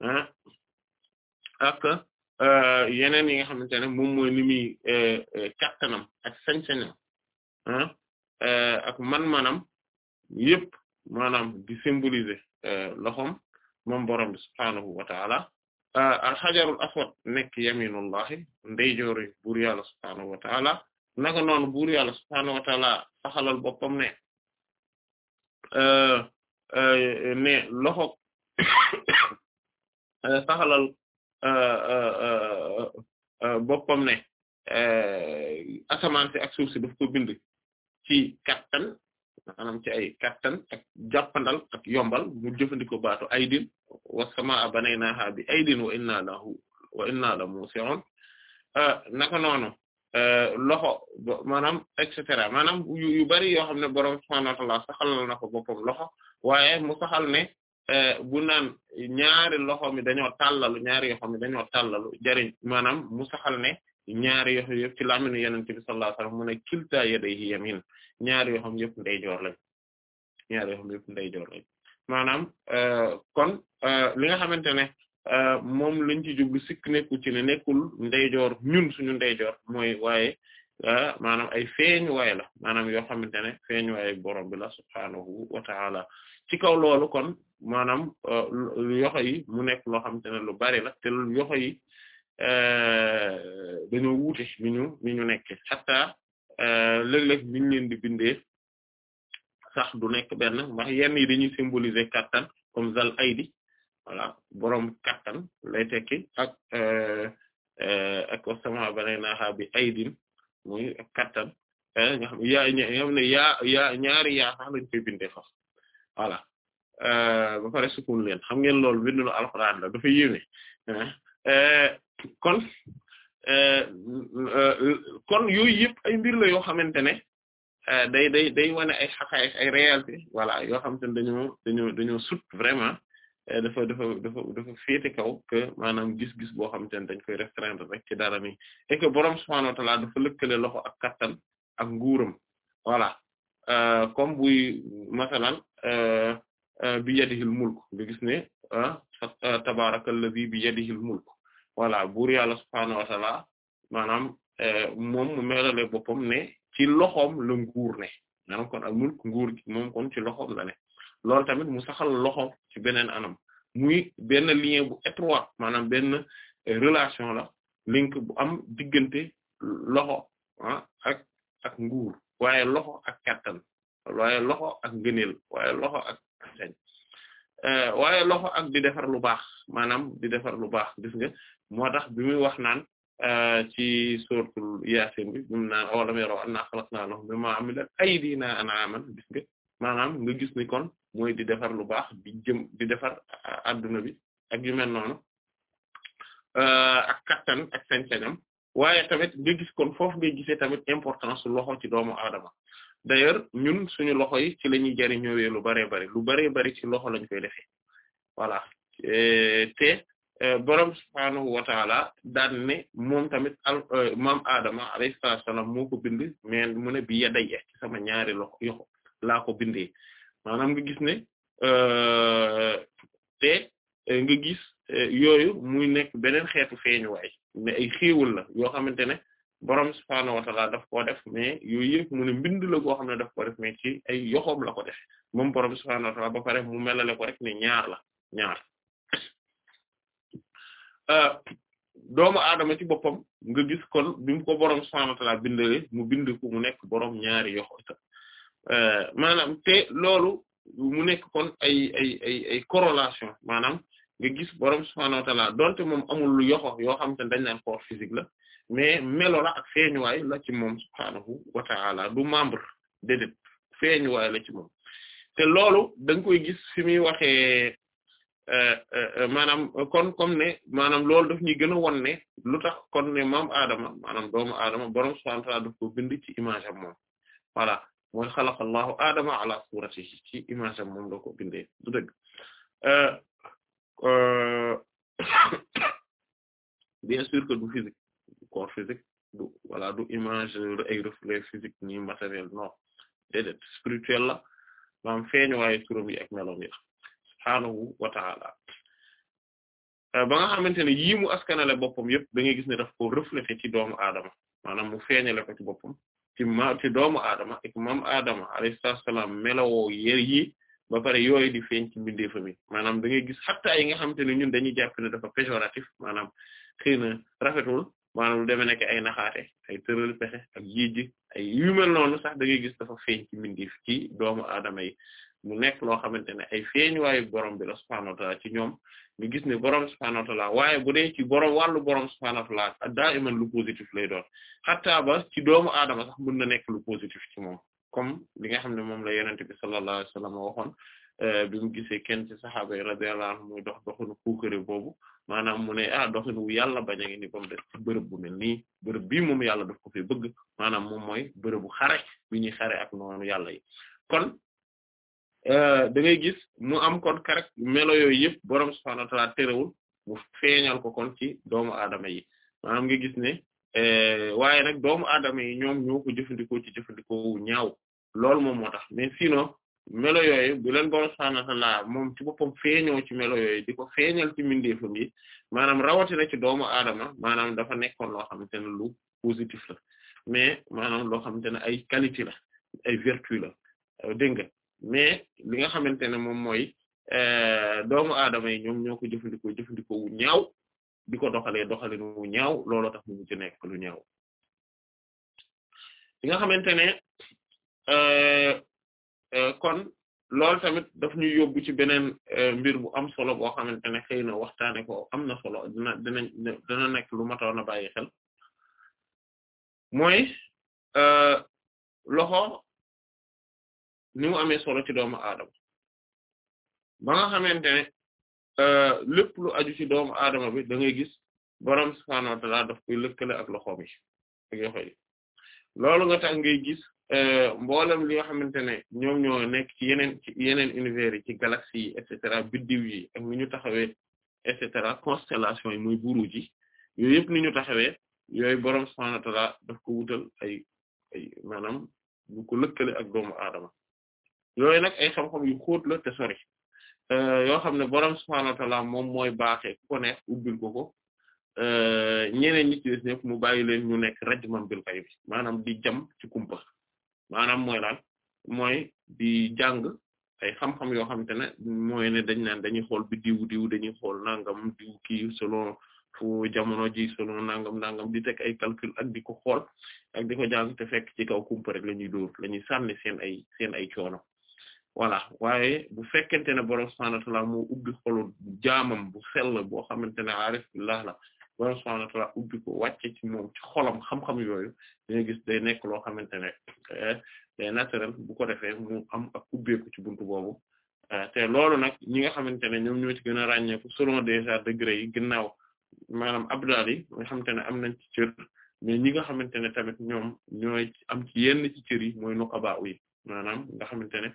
ah, ak euh, yeneen yi nga xamante ne moom mooy li muy kàttanam euh, ak sañ-sañam ah, ak man-manam yëpp maanaam di symboliser loxoom moom borom bi subhaanahu wa taala alxajarul nekk yaminullahi ndeyjoori buur yàlla subhaanahu wa taala naka noonu buur yàlla subhaanahu ne Euh, euh, ne loxo euh, saxalal boppam ne asamaan si ak suuf si ko bind ci kattan maanaam ci ay kattan ak jàppandal ak yombal mu jëfandikoo baatu aydin wa samaa banaynaha bi aydin wa inna lahu wa inna la musi'un naka noonu Euh, loxo maanaam et cetera maanaam yu yu bari yoo xam ne borom subhaanahu wa ta'aala saxalal na ko boppam loxo waaye mu saxal ne euh, bu naan ñaari loxo mi dañoo tàllalu ñaari yoo xam ne dañoo tàllalu jariñ maanaam mu saxal ne ñaari yoo xam ci laminu yonent bi sallallahu alayhi wa sallam mu ne kilta yadayhi yamin ñaari yoo xam yëpp ndeyjoor lañ ñaari yoo xam euh, kon li nga xamante ne Euh, moom lañ ci jublu sikk nekku ci ne nekkul ndeyjoor ñun suñu ndeyjoor mooy waaye euh, maanaam ay feeñ waaye la maanaam yoo xamante ne feeñ waaye borom bi la subhaanahu ci kaw loolu kon maanaam euh, yoxo yi mu nekk loo xamante ne lu bari la te yoxo yi dañoo wuute ni ñu nekk xatta léeg-léeg niñ leen di bindee sax du nekk benn ndax yenn yi dañuy symboliser kattan comme zal aydi voilà boroom kattan lay tekki ak euh, euh, ak wasamaa banaynaahaa bi aydin muy kattan euh, nga xam yaa ñam yaa yaa ñaari yaa sax lañ koy bindee faf ba pare sukun leen xam ngeen loolu bindu alxuraan la dafa yéeme kon kon yooyu yëpp ay mbir la yoo xamante ne day day day wane ay xaqaay ay réalité voilà yoo xamante ne dañoo dañoo vraiment Eh, dafa dafa dafa dafa féete kaw que maanaam gis-gis boo xamante ne dañ koy restreindre rek ci dara mi et que borom subhaanahu wa ta'aala dafa loxo ak kattan ak nguuram voilà euh, comme buy masalan euh, euh, bi yadihil mulk nga gis ne ah bi yadihil mulk voilà buur yàlla subhaanahu wa maanaam moom mu melale boppam ne ci loxoom la nguur ne maanaam kon al mulk nguur mom moom kon ci loxoom la ne tamit mu saxal loxoom. ci beneen anam muy benn lien bu étroit maanaam benn eh, relation la link bu am diggante loxo ah ak ak nguur waaye loxo ak kattan waaye loxo ak ngëneel waaye loxo ak sañ eh, waaye loxo ak di defar lu baax maanaam di defar lu baax gis nga moo tax bi muy wax naan eh, ci suratul yaasin bi bi mu naan na yaraw annaa xalaqnaa lahum mimmaa amilat aydinaa an'aaman gis nga maanaam nga gis ni kon mooy di defar lu baax di di defar adduna bi ak yu mel noonu euh, ak kattan ak sañ-sañam waaye tamit nga gis kon foofu ngay gisee tamit importance loxo ci doomu aadama d'ailleurs ñun suñu loxo yi ci la ñuy jariñoowee lu baree bari lu baree bari ci loxo lañ koy defee voilà euh, te euh, borom subhaanahu wa daan ne moom tamit al maam Adama alayhi salaam moo ko bind mais mu ne bi yadayya ci sama ñaari loxo yoxo bindee maanaam nga gis ne euh, te euh, nga gis euh, yooyu muy nekk beneen xeetu feeñuwaay mais ay xéewal la yoo xamante ne borom subhaanahu wa ta'aala daf koo def mais yooyu yëpp mu ne mbind la goo xam ne daf ko def mais ci ay yoxoom la ko def moom borom subhaanahu wa ba pare mu melale ko rek ne ñaar la ñaar doomu aadama ci boppam nga gis kon bi mu ko borom subhaanahu wa ta'aala mu bind mu nekk borom ñaari yoxo Euh, maanaam te loolu mu nekk kon ay ay ay ay corrélation maanaam nga gis borom subhaanahu wa ta'aala donte moom amul lu yoxo yoo xam te ne dañ naan corps physique la mais melo la ak feeñuwaay la ci moom subhaanahu wa ta'aala du membre déedéet feeñuwaay la ci moom te loolu da koy gis fi muy waxee euh, euh, maanaam kon comme ne maanaam loolu daf ñuy gën a won ne lu tax kon ne moom aadama maanaam doomu aadama borom subhaanahu wa ta'aala daf bind ci image am moom mooy xalaqallahu aadama ala suratihi ci image am moom la ko bindee du dëgg euh, bien sûr que du physique du corps du image reflet physique ni matériel non déedéet spirituel la maam feeñu waaye turam yi ak meloom yi subhaanahu wa ta'ala euh, ba nga xamante ne yii mu askanale boppam yëpp da ngay gis ne daf ko refléter ci doomu aadama maanaam mu feeñale ko ci boppam ci ma ci doomu aadama ak maam aadama alayhi salaam melawoo yër yi ba pare yooyu di feeñ ci mbindeefam yi maanaam da ngay gis xattaa yi nga xamante ne ñun dañuy jàpp ne dafa péjoratif maanaam xëy na rafetul maanaam lu demee nekk ay naxaate ay tëral pexe ak jiiji ay yu mel noonu sax da ngay gis dafa feeñ ci mbindeef ci doomu aadama yi mu nekk loo xamante ne ay feeñ feeñuwaayu borom bi la subhaanahu wa ta'aala ci ñoom ñu gis ne borom subhaanahu wa waaye bu dee ci borom wàllu borom subhaanahu wa ta'aala daayiman lu positif lay doon xataa taaba ci doomu aadama sax mën na nekk lu positif ci moom comme li nga xam ne moom la yonent bi sallallahu alayhi wa sallam waxoon euh, bi mu gisee kenn ci saxaaba yi radiyallahu anhum muy dox doxinu kuukare boobu maanaam mu ne ah doxinu wu yàlla bañ a ngi ni comme des bërëb bu mel nii bërëb bii moom yàlla daf ko bëgg maanaam moom mooy bërëbu xare bi ñuy xare ak noonu yàlla Euh, da ngay gis mu am kon karak melo yooyu yëpp borom subhaanahu wa ta'aala terewul mu feeñal ko kon ci doomu aadama yi maanaam nga gis ne euh, waaye nag doomu aadama yi ñoom ñoo ko jëfandikoo ci jëfandikoo ñaaw loolu moom moo tax mais sinon melo yooyu bu leen borom subhaanahu wa ta'aala moom ci boppam feeñoo ci melo yooyu di ko feeñal ci mbindeefam yi maanaam rawatina ci doomu aadama maanaam dafa nekkoon loo xamante ne lu positif la mais maanaam loo xamante ne ay qualité la ay vertu la dégg nga mais li nga xamante ne moom mooy euh, doomu aadama yi ñoom ñoo ko jëfandikoo jëfandikoo wu ñaaw di ko doxalee doxalin wu ñaaw looloo tax mu ci nekk lu ñaaw li nga xamante ne euh, euh, kon loolu tamit daf ñuy yóbbu ci beneen mbir bu am solo boo xamante ne xëy na waxtaane ko am na solo dina dina dina nekk lu matoon a bàyyi xel mooy loxo ni mu amee solo ci doomu aadama ba nga xamante ne euh, lépp lu aju ci doomu aadama bi da ngay gis borom subhaanahu wa daf koy lëkkale ak loxoom yi nga yoxo yi loolu nga tax ngay gis euh, li nga xamante ne ñoom ñoo nekk ci yenen yeneen univers yi ci galaxies yi et cetera biddiw yi ak ni ñu taxawee et cetera constellation yi muy buuru ji yooyu yëpp ni ñu taxawee yooyu borom subhaanahu wa ta'aala daf ko wutal ay ay maanaam bu ko lëkkale ak doomu aadama yooyu nag ay xam-xam yu xóot la te sori euh, yoo xam ne borom subhaanahu wa moom mooy baaxee ku ko neex ubbil ko ko euh, ñeneen ñi ci des ñëpp mu bàyyi leen ñu nekk rajman bil ghayb maanaam di jam ci kumpa maanaam mooy lan mooy di jàng ay xam yoo xamante ne mooy ne dañ naan dañuy xool bi diw diw dañuy xool nangam diw kii selon fu jamono ji selon nangam nangam di teg ay calcul ak di ko xool ak di ko jàng te fekk ci kaw kumpa rek la ñuy dóor la ñuy sànni seen ay seen ay coono. voilà waaye bu fekkente ne borom subhaanahu wa ta'aala moo ubbi xolu jaamam bu sell boo xamante ne aarif billah la borom subhaanahu wa ta'aala ubbi ko wàcce ci moom ci xolam xam-xam yooyu dañuy nekk loo xamante ne eh, day naturel bu ko defee mu am ak ubbeeku ci buntu boobu eh, te loolu nag ñi nga xamante ne ñoom ñoo ci gën a ràññeeku selon déjà degré yi ginnaaw maanaam abdal yi xamante ne am nañ ñi nga xamante ne tamit ñoom ñooy am ci yenn ci cër yi mooy nuqaba yi maanaam nga xamante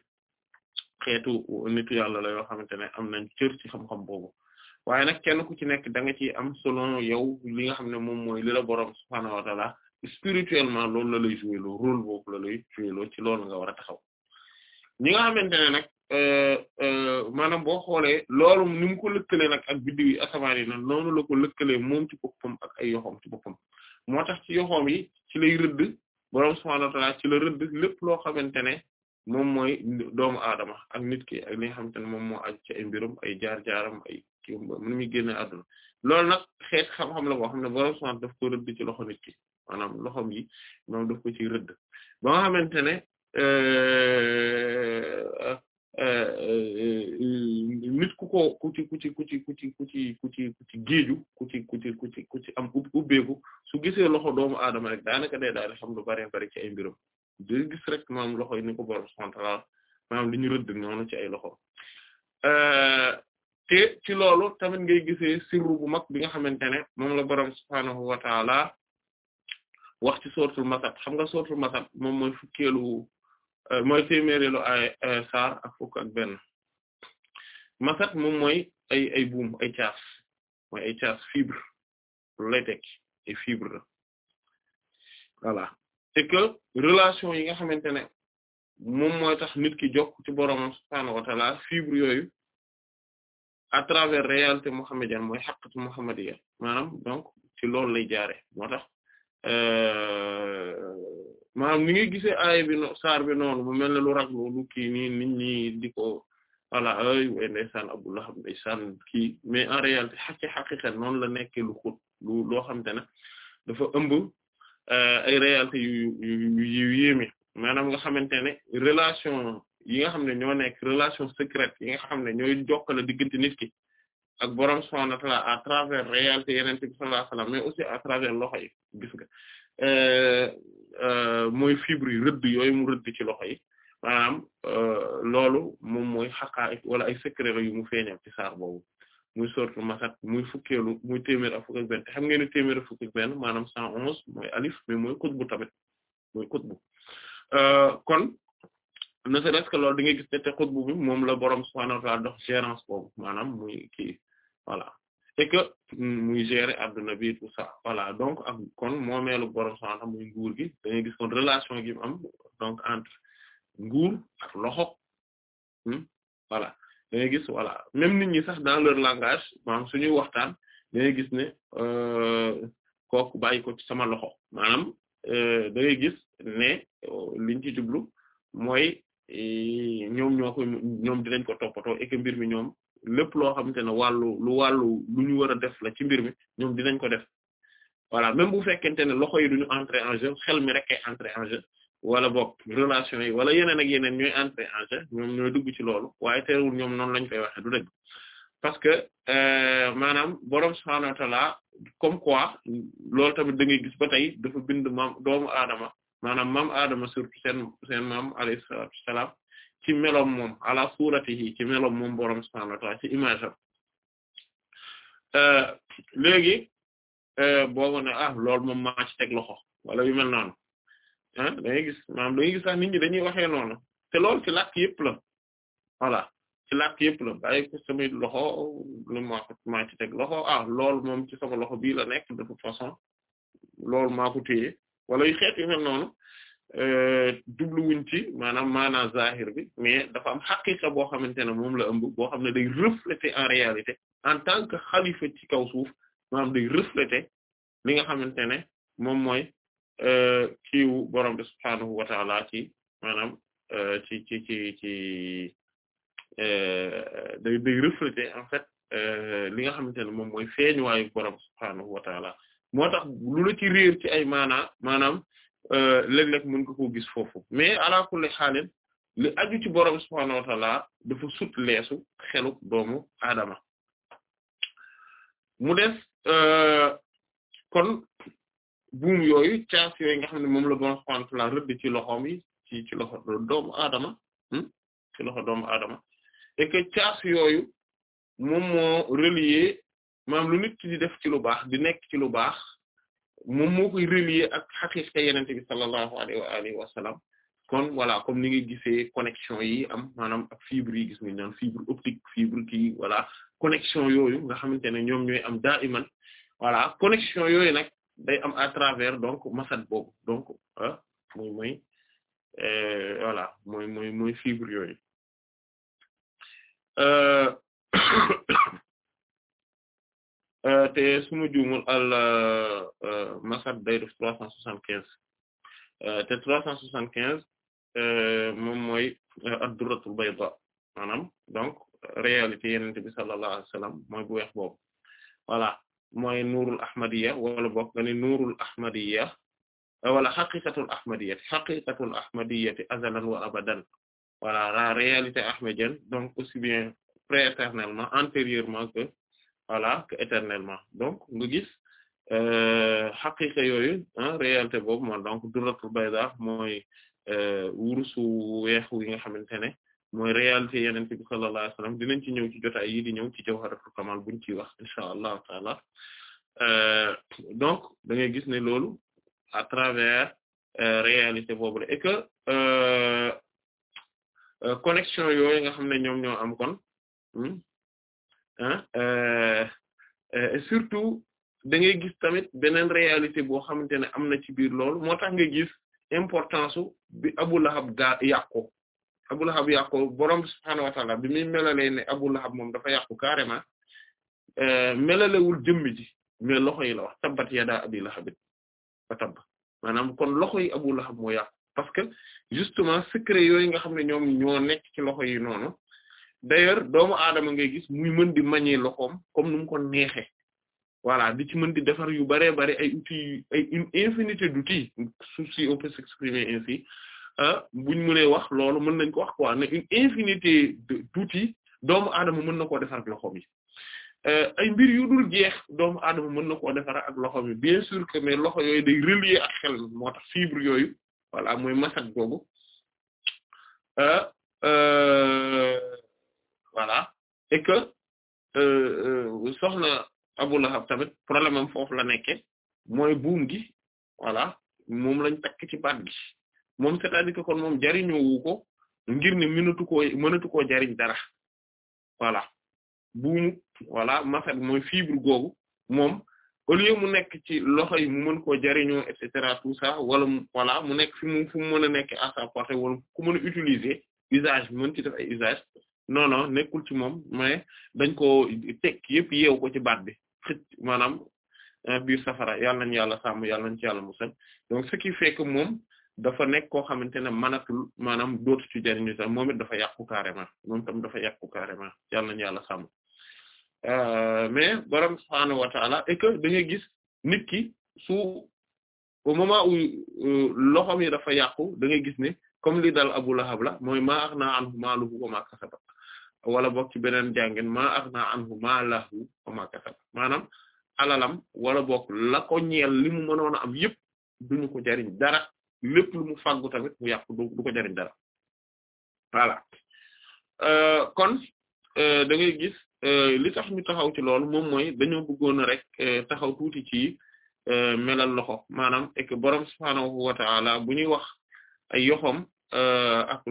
xeetu nitu yàlla la yoo xamante ne am nañ cër ci xam-xam boobu waaye nag kenn ku ci nekk da ci am selon yow li nga xam ne moom mooy li borom boroom o wa taala spirituellement loolu la lay joué loo rôle boobu la lay joué ci loolu nga war a taxaw ñi nga xamante ne nag euh, euh, maanaam boo xoolee loolu mu ko lëkkale nag ak biddiw yi asamaan yi la ko lëkkale moom ci boppam ak ay yoxoom ci boppam moo tax ci yoxoom yi ci lay rëdd boroom subhaanahu wa taala ci la rëdd lépp loo xamante ne moom mooy doomu aadama ak nit ki ak li nga xamante ne moom moo aju ci ay mbirum ay jaar-jaaram ay kii mu muy génne àdduna loolu nag xeet xam-xam la boo xam ne bo sant daf ko ci loxo nit ki maanaam loxom yi moom daf ko ci rëdd ba nga xamante ne euh, euh, nit ku ko ku ci ku ci ku ci ku ci ku ci ku ci ku ci géeju ku ci ku ci ku ci ku ci am ubbeeku su gisee loxo doomu aadama rek daanaka day daal di xam lu bari bari ci ay mbirum day gis rek loxo yi ni ko borom subhanahu wa ta'ala maam li ñu ci ay loxo euh, te ci loolu tamit ngay gisee sirru bu mag bi nga xamante ne moom la borom subhanahu wa ta'ala wax ci sooratul masad xam nga sooratul masad moom mooy fukkeelu euh, mooy téeméereelu ay saar ak fukk ak benn masad moom mooy ay ay ay caas mooy ay caas fibre lay tekki ay fibre la et relation yi nga xamante ne moom mooy tax nit ki jokk ci boroomam subhaanahu wa ta'ala fibre yooyu à travers réalité mohammedienne mooy xaqatu mohammediya maanaam donc ci loolu lay jaare moo tax euh, maanaam ni ngay gisee aay bi no saar bi noonu mu mel ne lu raglu lu kii nit ñi di ko voilà ay way ndeysaan Abu Lahab ndeysaan kii mais en réalité xaqi xaqiqen noonu la nekkee lu xut lu loo xamante ne dafa ëmb Euh, ay réalité yu yu yu maanaam nga xamante ne relation yi nga xam ne ñoo nekk relation secrète yi nga xam ne ñooy jokkale diggante nit ki ak borom subhanahu wa ta'ala à travers réalité yeneen bi sallallahu alayhi mais aussi à travers loxo yi gis nga euh, euh, mooy fibre yi rëdd yooyu mu rëdd ci loxo yi maanaam loolu moom mooy xaqaa wala ay secret la yu mu feeñal ci saar boobu muy sortu masat muy fukkeelu muy téeméer ak fukk ak benn te xam ngeen ne téeméer fukk ak maanaam cent onze mooy alif mais mooy xutbu tamit mooy xutbu euh, kon ne serait-ce que gis moom la boroom subhaanahu wa ta'aala dox gérance boobu maanaam muy kii voilà et que mm, muy gérer adduna bi tout ça voilà donc ak kon moomeelu boroom subhaanahu muy nguur gi da ngay gis kon relation gi am donc entre nguur ak loxo hmm, voilà da ngay gis voilà même nit ñi sax dans leur langage maanaam suñuy waxtaan da ngay gis ne euh, kooku bàyyi ko ci sama loxo maanaam euh, da ngay gis euh, liñ ci jublu mooy eh, ñoom ñoo ko ñoom dinañ ko toppatoo et que mbir mi ñoom lépp loo xamante ne wàllu lu wàllu lu ñu war a def la ci mbir mi ñoom dinañ ko def voilà même bu fekkente ne loxo yi duñu entrer en jeu xel mi rek ay entrer en wala book relation yi wala yeneen ak yeneen ñooy entré en ñoom ñooy dugg ci loolu waaye teewul ñoom noonu lañ koy waxe du dëgg parce que euh, maanaam borom subhaanahu wa ta'ala comme quoi loolu tamit da ngay gis ba tey dafa bind maam doomu aadama maanaam maam aadama surtout seen seen maam alayhi salaatu wassalaam ci meloom moom ala suratihi ci meloom moom borom subhaanahu wa ta'ala ci image am euh, léegi euh, boobu ne ah loolu moom maa teg loxo wala yu mel ah da ngay gis maanaam sax nit ñi dañuy waxee noonu te loolu ci làkk yëpp la voilà ci làkk yëpp la bàyyi ko samay loxo lu maa loxo ah moom ci sama loxo bii la nekk de toute façon loolu maa ko wala yu xeet yu mel noonu euh, jubluwuñ ci maanaam maanaam zahir bi mais dafa am xaqiqa boo xamante ne moom la ëmb boo xam ne day refléter en réalité en tant que xalifa ci kaw suuf maanaam day refléter li nga xamante ne moom mooy kiiwu borom bi subhaanahu wa taala ci maanaam euh, ci ci ci ci euh, day day euh, li nga xamante ne moom mooy feeñuwaayu borom bi subhaanahu wa lu la ci réer ci ay maanaa maanaam léeg-léeg mën nga koo gis foofu mais ala kulli xaalin li aju ci borom subhaanahu wa taala sut leesu xelu doomu aadama mu def kon buum yooyu caas yooyu nga xam ne moom la bon subhaanahu wa ta'aala rëdd ci loxoom yi ci ci loxo doomu aadama hmm, ci loxo doom adama et que caas yooyu moom moo relier maanaam lu nit ki def ci lu baax di nekk ci lu baax moom moo koy relier ak xaqiiqa yenente bi sallallahu alayhi wa alihi wa sallam kon voilà comme ni nga gisee connexion yi am maanaam ak fibre yi gis nga ñaan fibre optique fibre kii voilà connexion yooyu nga xamante ne ñoom ñooy am daa iman voilà connexion yooyu nag day am à travers donc masad boobu donc ah mooy mooy euh, voilà mooy mooy mooy fibre yooyu euh, euh, te su ma juumul al masad day def trois cent soixante quinze te trois cent soixante quinze moom mooy ad-durratul bayda donc réalité yenente bi sallallahu alayhi wa sallam mooy bu weex boobu mooy nuurul ahmadiyya wala bokk nga ne nuurul wala xaqiqatul ahmadiyya xaqiqatul ahmadiyya azalan wa abadan voilà la réalité ahmadienne donc aussi bien pré antérieurement que voilà que éternellement donc nga gis xaqiqa euh, réalité boobu ma donc duratul bayda mooy euh, wurusu weexu yi nga xamante ne mooy réalité yeneen bi sallallahu alayhi wasallam dinañ ci ñëw ci jotaay yi di ñëw ci jawharatul kamal buñ ciy wax incha allahu taala euh, donc da ngay gis ne loolu à travers euh, réalité boobu la et que euh, connexion nga xam ne ñoom ñoo am kon hmm, et surtout da ngay gis tamit beneen réalité boo xamante ne am na ci biir loolu moo tax nga gis importance bi Abu Lahab gaa yàqu Abu Lahab yàqu borom subhaanahu wa ta'ala bi muy melalee ne Abu Lahab moom dafa yàqu carrément euh, melalewul jëmm ji mais loxo yi la wax tabbat yadaa abi lahabin ba tabb maanaam kon loxo yi Abu Lahab moo parce que justement secret yooyu nga xam ne ñoom ñoo nekk ci loxo yi noonu d'ailleurs doomu aadama ngay gis muy mën di mañee loxoom comme nu mu ko neexe voilà di ci mën di defar yu baree bari ay outils ay une infinité d'outils si on peut s'exprimer buñ mënee wax loolu mën nañ ko wax quoi ne une infinité d'outils doomu aadama mën na koo defar ak loxoom yi euh, ay mbir yu dul jeex doomu aadama mën na koo defar ak loxoom yi bien sûr que mais loxo yooyu day relier ak xel moo tax fibre yooyu voilà mooy masat googu euh, euh, voilà et que soxna Abu Lahab tamit problème am foofu la nekke mooy buum gi voilà moom lañ takk ci baat gi moom cest à kon moom jariño ko ngir ne mënatu koo mënatu koo jariñ dara voilà buumu voilà masat mooy fibre googu moom au mu nekk ci loxo yi mu mën koo jariñoo et cetera tout ça wala mu nekk fi mu fu mën a nekk à sa portée wala ku mën a utiliser usage mën ci def ay usage non non nekkul ci moom mais dañ ko teg yëpp yeew ko ci baat bi xëcc maanaam eh, biir safara yàlla nañ yàlla sàmm yàlla nañ ci yàlla musal donc ce qui fait que moom dafa nekk koo xamante ne manatul maanaam dootu ci jariñu sax moom it dafa yàqu carrément moom tam dafa yàqu carrément yàlla nañu yàlla sàmm euh, mais borom subhaanahu wa taala et gis nit ki su au euh, yi dafa yàqu da nga gis ne comme li dal Abu Lahab la mooy maa aghnaa anhu maaluhu wa maa kasab wala boog ci beneen jàngin maa aghnaa ma maaluhu wa maa kasab maanaam alalam wala boog la ko ñeel li mu am yëpp duñu ko jariñ dara lépp lu mu fàggu tamit mu yàqu du du ko jariñ dara voilà euh, kon euh, da ngay gis euh, li tax ñu taxaw ci loolu moom mooy dañoo bëggoon rek taxaw tuuti ci melal loxo maanaam ek borom subhaanahu wa ta'ala bu ñuy wax ay yoxom ak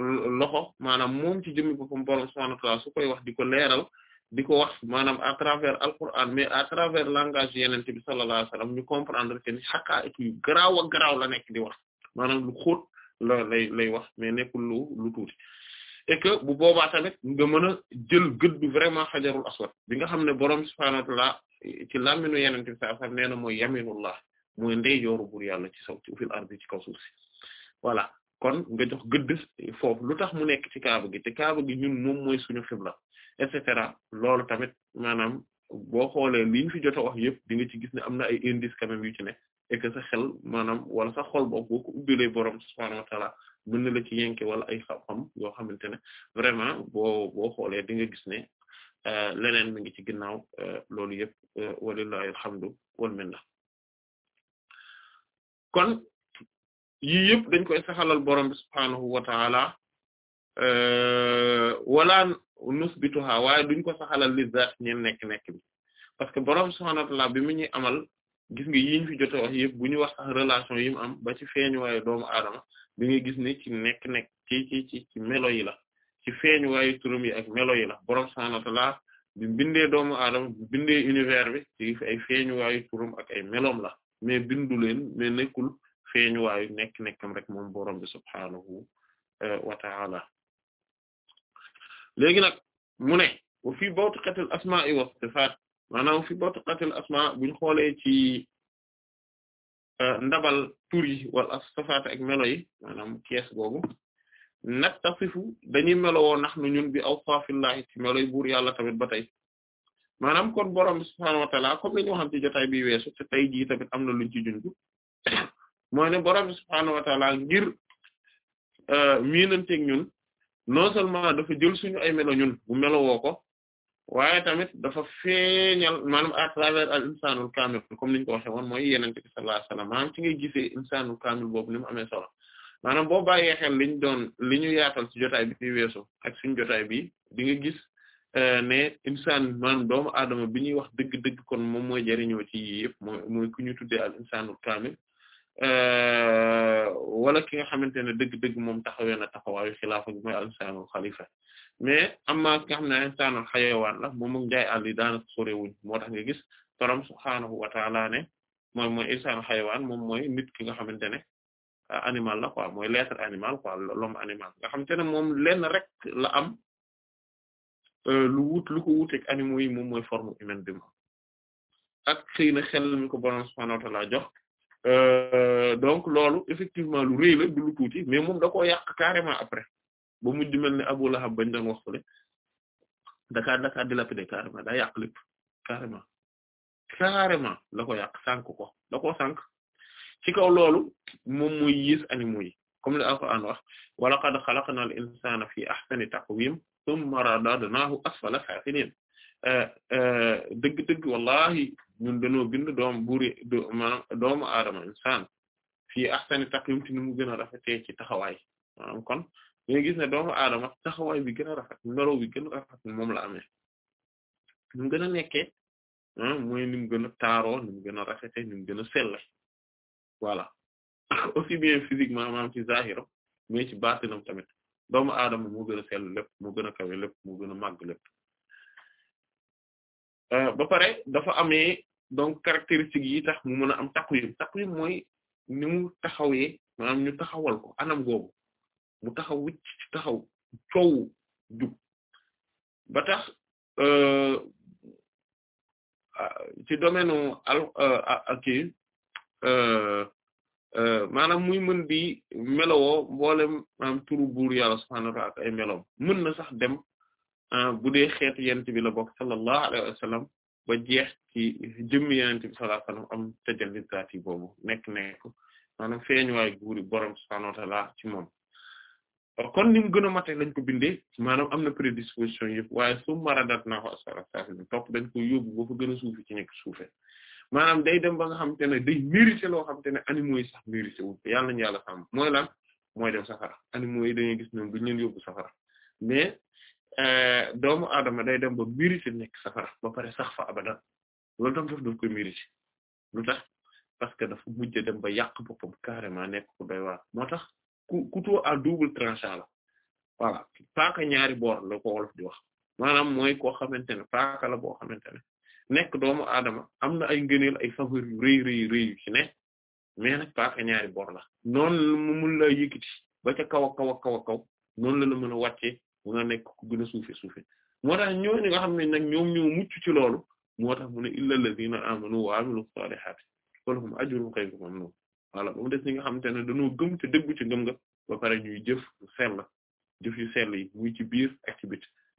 loxo maanaam moom ci jëmmi boppam borom subhaanahu wa ta'ala su koy wax di ko leeral di ko wax maanaam à travers Alquran mais à travers langage yenente bi sallallahu alayhi wa ñu comprendre que ni xaqaa it yu garaaw ak garaaw la nekk di wax maanaam lu xóot la lay lay wax mais nekkul lu lu tuuti et bu boobaa tamit nga mën a jël gëdd vraiment xajarul aswad bi nga xam ne borom subhaanahu wa ta'aala ci làmminu yeneen bi sallallahu alayhi wa na mooy yaminullah mooy ndeyjooru buur yàlla ci saw ci fil ardi ci kaw suuf si voilà kon nga jox gëdd foofu lu tax mu nekk ci kaaba gi te kaaba gi ñun moom mooy suñu xibla et cetera loolu tamit maanaam boo xoolee liñ fi jot wax yëpp di nga ci gis ne am na ay indices quand même yu ci ne et que xel maanaam wala sa xol boobu boo ko ubbilee borom subhaanahu wa taala la ci yenke wala ay xam-xam yoo xamante ne vraiment boo boo xoolee di nga gis ne euh, leneen mi ngi ci ginnaaw euh, loolu yëpp euh, walillahi alhamdu wal minna kon yii yëpp dañ koy saxalal borom bi subhaanahu wa wala nusbituha waaye duñ ko saxalal li zaat ñeen nekk nekk bi borom subhaanahu wa amal gis nga yi fi jot a wax yëpp bu ñu wax sax relation yi am ba ci feeñuwaayu doomu aadama bi nga gis ni ci nekk-nekk ci ci ci melo yi la ci feeñuwaayu yi ak melo yi la borom subhaanahu wa ta'aala bi bindee doomu aadama bi bindee univers bi ci ay feeñuwaayu turam ak ay meloom la mais bindu leen mais nekkul feeñuwaayu nekk-nekkam rek moom borom bi subhaanahu eh, wa ta'aala léegi nag mu ne wa fii bawtiqatil asmaa'i was sifaat maanaam fi batqatil asma buñ xoolee ci euh, ndabal tur yi wala safaata ak melo yi maanaam kees googu nattasifu dañuy melowoo nax nu ñun bi awsaafillahi ci melo yi buur yàlla tamit ba tey maanaam kon borom subhaanahu wa ta'ala comme ni ñu waxam ci jotaay bi weesu te tey jii tamit am na luñ ci junj mooy ne borom ngir mi ta'ala ngir miinanteeg ñun non seulement dafa jël suñu ay melo ñun bu melowoo ko waaye tamit dafa feeñal maanaam à travers al insanul kaamil comme niñ ko waxe woon mooy yeneen bi sallallahu alayhi wasallam maanaam ci ngay gisee insanul kaamil boobu amee solo maanaam boo bàyyee xel liñ doon li ñu yaatal ci jotaay bi ci weesu ak suñ jotaay bi di nga gis euh, ne insaan maanaam doom aadama bi ñuy wax dëgg-dëgg kon moom mooy jëriñoo ci yii yëpp mooy mooy ku ñu tuddee al insanul kaamil euh, wala ki nga xamante ne dëgg-dëgg moom taxawee na taxawaayu xilaafa gi mooy al insanul xalifa mais amma ki nga xam ne insaanul xayawaan la moom ak jaay àll yi daanaka sorewuñ moo tax nga gis borom subhaanahu wa ta'ala ne mooy mooy insaanul xayawaan moom mooy ki nga xamante ne euh, animal la quoi mooy l'être animal quoi l'homme animal nga xamante rek la am euh, lu wut lu ko wuteeg animaux yi moom ak xëy na xel mi ko borom subhaanahu jox euh, donc loolu effectivement lu rëy du lu mais moom da koo après. ba mujj mel ne Abu Lahab bañ doon wax ko ne Dakar Dakar di lapidé carrément daa yàq lépp carrément carrément la ko yàq sànq ko la ko sànq ci kaw loolu moom muy yées animaux yi comme li Alxuraan wax wa laqad xalaqnal insaana fii ahsani taqwiim summa radadnaahu asfala saafiliin dëgg-dëgg wallahi ñun dañoo bind doom buri maanaam doomu aadama insaan ahsani taqwiim te ni mu gën a rafetee ci taxawaay maanaam ñu gis ne doomu aadama taxawaay bi gën a rafet melo bi gën a rafet moom la amee ni gën a nekke ah, mooy ni gën a taaroo ni gën a rafete ni mu gën a selle voilà aussi bien physiquement maanaam ci zahiro mais baatinam tamit doomu aadama moo gën a sell lépp moo gën a kawe lépp moo gën a màgg lépp euh, ba pare dafa amee donc caractéristiques yi tax mu mën a am taqwim mooy ni mu taxawee maanaam taxawal ko anam googu mu taxaw wicc taxaw coow jub ba tax euh, ci domaine u al euh, kii euh, maanaam muy mën di melowoo mboolem maanaam turu buur yàlla subhaanahu wa ta'ala ak ay na sax dem bu dee xeet yent bi la bokk sallallahu alayhi wa sallam ba jeex ci jëmm yent bi sallallahu alayhi wa sallam am tajalli zaati boobu nekk nekk maanaam feeñuwaay buuri boroom subhaanahu wa ci moom kon ni mu gën a mate lañ ko bindee maanaam am na prédisposition yëpp waaye su maradat naa ko asfala saafiliin topp dañ ko yóbbu ba fa gën a suufi ci nekk suufee maanaam day dem ba nga xamante ne day mérité loo xamante ne animaux yi sax mérité wuñ yàlla nañu yàlla lan mooy dem safara animaux yi dañuy gis ñoom duñ leen yóbbu safara mais euh, doomu aadama day dem ba mérité nekk safara ba pare sax fa abadan loolu tam daf daf koy mérité lu tax parce que dafa mujj dem ba yàq boppam carrément nekk ku doy waar moo tax couteau à double tranchant la voilà paaka ñaari boor la ko wolof di wax maanaam mooy koo xamante ne paaka la boo xamante ne nekk doomu aadama am na ay ngëneel ay faveur yu rëy rëy yu ci ne mais nag paaka ñaari boor la noonu mu mun laa yëkkati ba ca kaw a kaw a kaw a noonu la la mën a wàccee mu nga nekk ku gën a suufe suufe moo tax ñooñu nga xam ne nag ñoom ñoo mucc ci loolu moo tax mu ne illal ladina amanu wa amilu salihati falahum ajrun xayru mamnun voilà ba mu des ñi nga xamante ne dañoo gëm te dëggu ci ngëm nga ba pare ñuy jëf sell jëf yu sell yi muy ci biir ak ci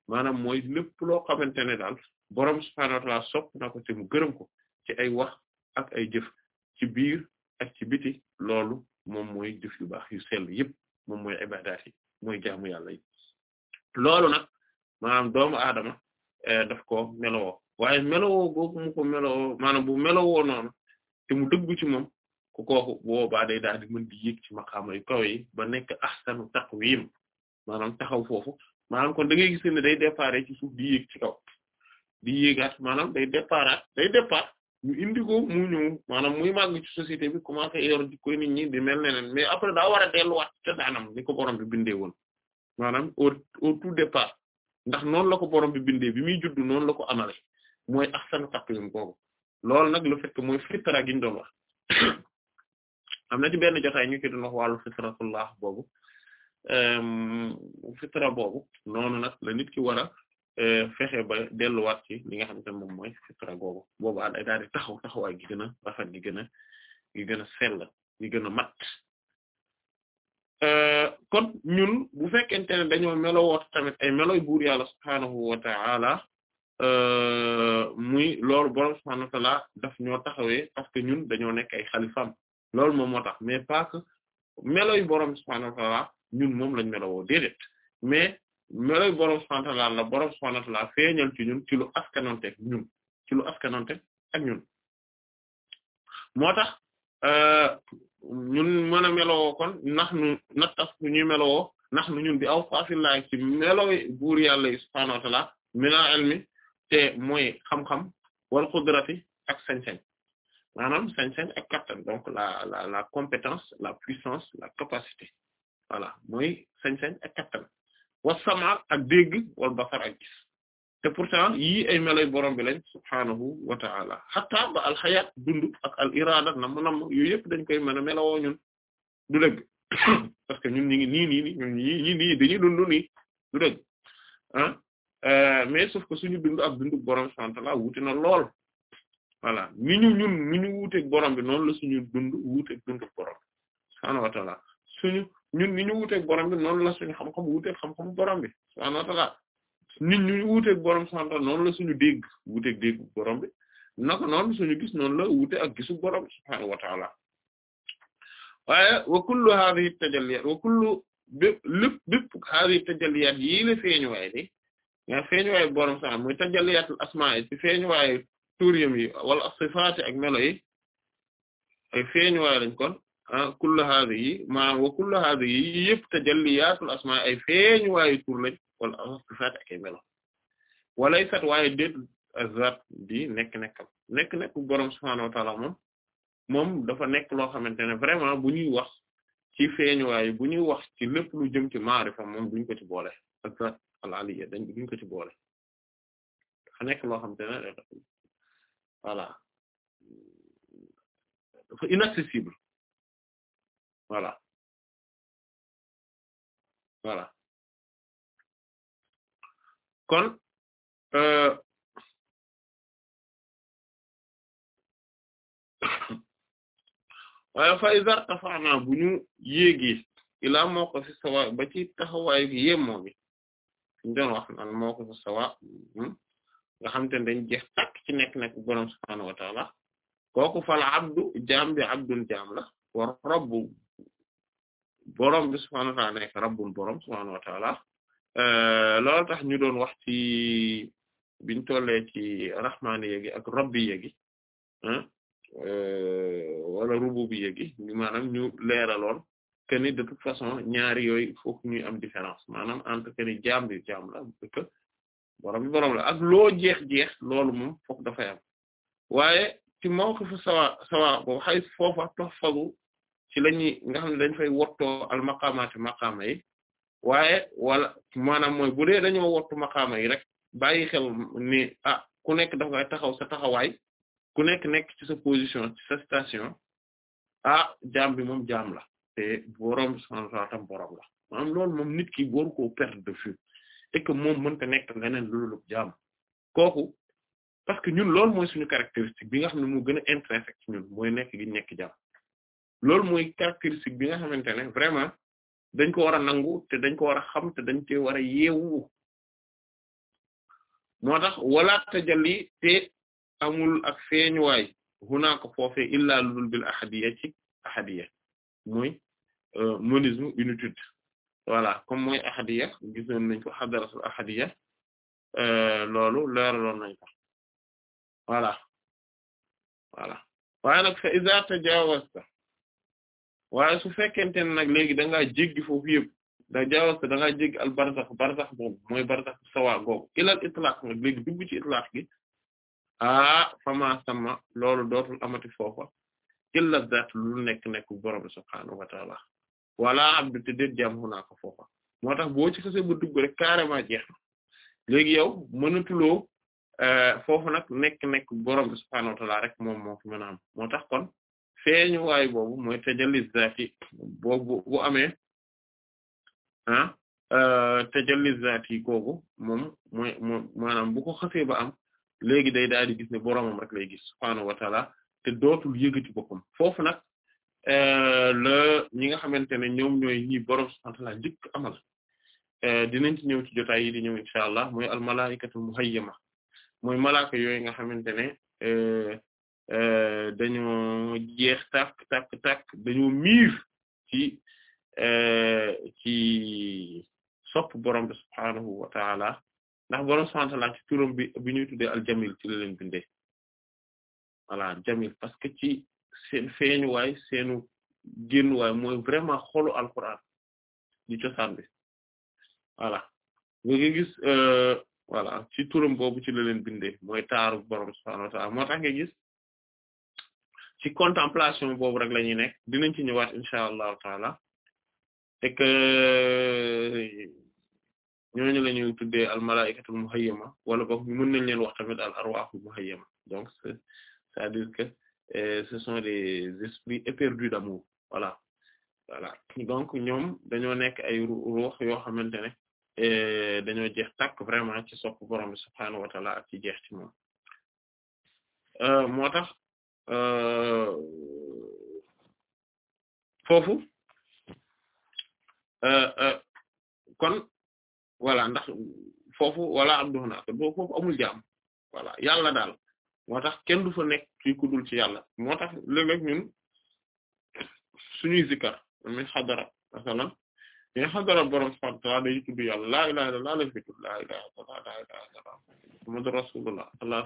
maanaam mooy lépp loo xamante ne daal boroom subhaanahu wa ta'aala na ko te mu gërëm ko ci ay wax ak ay jëf ci biir ak loolu moom mooy jëf yu baax yu sell yëpp moom mooy ibadaat yi mooy jaamu yàlla yi loolu nag maanaam doomu aadama eh, daf ko melowoo waaye melowoo googu mu ko melowoo maanaam bu melowoo noonu te mu dëggu ci moom ku kooku boobaa ba daal di mën di yéeg ci maqaama yu kaw yi ba nekk ahsanu taqwim maanaam taxaw foofu maanaam kon da ngay gis ne day départ di yéeg ci kaw di yéegaat maanaam day départ day départ ñu indi ko mu ñëw maanaam muy màgg ci société bi commencé yor jikkoy ñi di mel neneen mais après daa war a delluwaat ca ni ko borom bi bindee woon maanaam o au tout départ ndax noonu la ko borom bi bindee bi muy juddu noonu la ko amale mooy ahsanu taqwim kooku loolu nag le fait que mooy fitra gi ñu doon am na ci benn jotaay ñu ci doon wax wàllu fitratullah boobu ehm, fitra boobu noonu nag la nit ki war a eh, fexe ba delluwaat ki li nga xam ne moom mooy fitra boobu ànd daal di taxaw taxawaay gi gën a rafet gi gën a gi gën a eh, melo woot tamit ay meloy buur yàlla subhaanahu wa eh, muy loolu bo subhaanahu wa ta'ala daf ñoo taxawee parce ñun dañoo nekk ay xalifam loolu moom moo tax mais pas que melo yu borom subhaanahu ñun moom lañ melowoo déedéet mais melo yu borom subhaanahu wa ta'aala la borom subhaanahu wa ta'aala feeñal ci ñun ci lu askanante ak ñun ci lu askanante ak ñun moo tax euh, ñun mën a kon nax nu nattas ku ñuy melowoo nax nu ñun bi awsaafillahi ci melo buur yàlla subhaanahu wa ta'aala mina ilmi te mooy xam-xam wal qudrati ak sañ-sañ maanaam sañ-sañ ak kattan donc la la la compétence la puissance la capacité voilà mooy sañ-sañ ak kattan wasama ak dégg wal basar ak gis te pourtant yii ay melay borom bi lañ subhaanahu wa ta'ala xataa ba alxayaat dund ak al irada nam nam yooyu yëpp dañ koy mën a melawoo ñun du dëgg parce que ñun ñi ngi nii nii nii ñun ñii ñii dund nii du dëgg ah euh, mais sauf que suñu dund ak dundu borom sant la wuti lool voilà ni ñu ñun ni ñu wuuteeg borom bi noonu la suñu dund wuuteeg dundu borom bi subhaanahu wa suñu ñun ni ñu wuuteeg borom bi noonu la suñu xam-xam wuuteeg xam-xamu borom bi subhaanahu wa ta'ala ñu wuuteeg borom subhaanahu wa ta'ala la suñu dégg wuuteeg dégg borom bi naka noonu suñu gis noonu la wuute ak gisu borom bi subhaanahu wa ta'ala waaye wa kullu hadhihi tajalliyaat wa kullu bépp lépp bépp hadhihi tajalliyaat yii la feeñuwaay di nga feeñuwaay borom sax mooy tajalliyaat asmaa yi ci feeñuwaay turiyam yi wala sifaati ak melo yi ay feeñu waay lañ kon ah kullu haadihi maanaam wa kullu haadihi yi yëpp tajalliyaatul asmaa ay feeñu waayu tur lañ wala sifaati ak ay melo walaysat waaye déet azat di nekk nekkam nekk nekk boroom subhaanahu wa moom moom dafa nekk loo xamante ne vraiment bu ñuy wax ci feeñuwaay bu ñuy wax ci lépp lu jëm ci maarifa moom duñ ko ak al aliyya dañ duñ ko ci boole nekk loo xamante voilà dafa euh, inaccessible voilà voilà kon euh waaye fa iza rtafa'na bu ñu yéegee ilaa mawqifi sawa ba ci taxawaay bi yemmoo bi suñu doon wax naan mawqifi sawa hmm, nga xam te ne dañ ci nekk-nekk boroom subhaanahu wa taala kooku fal abdu jaam abdun jaam la war rabbu boroom bi subhaanahu wa taala nekk rabbun boroom wa taala euh, loolu tax ñu doon wax ci biñ tollee ci rahmaani yegi ak rabbi yegi euh, wala rububiyya gi maanaam ñu leeraloon que ni de toute façon ñaari yooyu fokk ñuy am différence maanaam entre que ni jaam bi borom bi borom la ak loo jeex-jeex loolu moom fokk dafay am waaye ci mawqifu sawa sawa boobu xay foofa toxfagu ci lañuy nga xam ne dañ fay wottoo al maqaamaati maqaama yi waaye wala maanaam mooy bu dee dañoo wottu maqaama yi rek bàyyi xew ni ah ku nekk dafa ngay taxaw sa taxawaay ku nekk nekk ci sa position ci sa station ah jaam bi moom jaam la te borom subhaanahu wa tam borom la maanaam loolu moom nit ki waru koo perdre de vue et que moom mënta nekk leneen loolu jaam kooku parce que ñun loolu mooy suñu caractéristique bi nga xam ne moo gën a intrinsèque ci ñun mooy nekk gi nekk jaam loolu mooy caractéristique bi nga xamante ne vraiment dañ ko war a nangu te dañ ko war a xam te dañ cee war a yeewu moo tax wala te amul ak feeñuwaay hunaka foofe illaa ludul bil ahadiyya ci ahadiyya mooy monisme unitude voilà comme mooy ahadiya gisoon nañ ko xadaratul ahadiya euh, loolu leeraloon nañ ko voilà voilà waaye nag fa iza tajawazta waaye su fekkente ne nag léegi da ngaa jéggi foofu yëpp da jawasta da ngaa jéggi al barzax barzax boobu mooy barzax sawa googu ilal itlaq nag léegi dugg ci gi ah fama sama loolu dootul amati foofa illa zat lu nekk nekk borom subhaanahu wa ta'ala wala abdu te déet jaam hunaaka foofa moo boo ci xasee ba dugg rek carrément jeex na léegi yow mënatuloo euh, foofu nag nekk-nekk borom bi subhaanahu wa rek moom moo fi mën a am moo tax kon feeñu waay boobu mooy tajalli zaati boobu bu amee ah euh, tajalli zaati googu moom mooy maanaam bu ko xasee ba am léegi day daal di gis ne boromam rek lay gis subhaanahu wa ta'aala te dootul yëgati boppam Euh, la ñi nga xamante ne ñoom ñooy ñi borom subhaanahu wa ta'aala jëkk amal euh, dinañ ci ñëw ci jotaay yi di ñëw incha allah mooy al malaa'ikatul muhayyama mooy malaaka yooyu nga xamante ne euh, dañoo jeex tàkk tàkk tàkk dañoo miir ci ci sopp borom bi subhaanahu wa ta'aala ndax borom subhaanahu wa ci turam bi bi ñuy al jamil ci la leen bindee jamil parce que ci seen feeñuwaay seenu génnuwaay mooy vraiment xolu alquran di cosaan bi voilà nga ngi gis euh, voilà ci turam boobu ci la leen bindee mooy taaru borom subhaanahu wa ta'aala moo tax nga gis ci contemplation boobu rek la ñuy nekk dinañ ci ñëwaat incha allahu taala et euh, ñooñu la ñuy tuddee al malaa'ikatul muhayyama wala boog mën nañ leen wax tamit al arwaahul muhayyama donc cest dire que et ce sont des esprits éperdus d'amour voilà voilà donc ñoom dañoo nekk ay ruux yoo xamante ne eh, dañoo jeex tàkk vraiment ci sopp borom bi subhaanahu ci jeex ci moom euh, moo tax euh, foofu euh, kon voilà ndax foofu wala am dox naa ko foofu amul jaam voilà yàlla daal moo tax kenn du fa nekk ci ku ci yàlla moo tax léeg-léeg ñun suñuy zikkar mi xadara masalan ñi xadara borom subhanahu wa ta'ala day laa la fi tudd laa ilaha laa ilaha illallah muhammadu rasulullah allah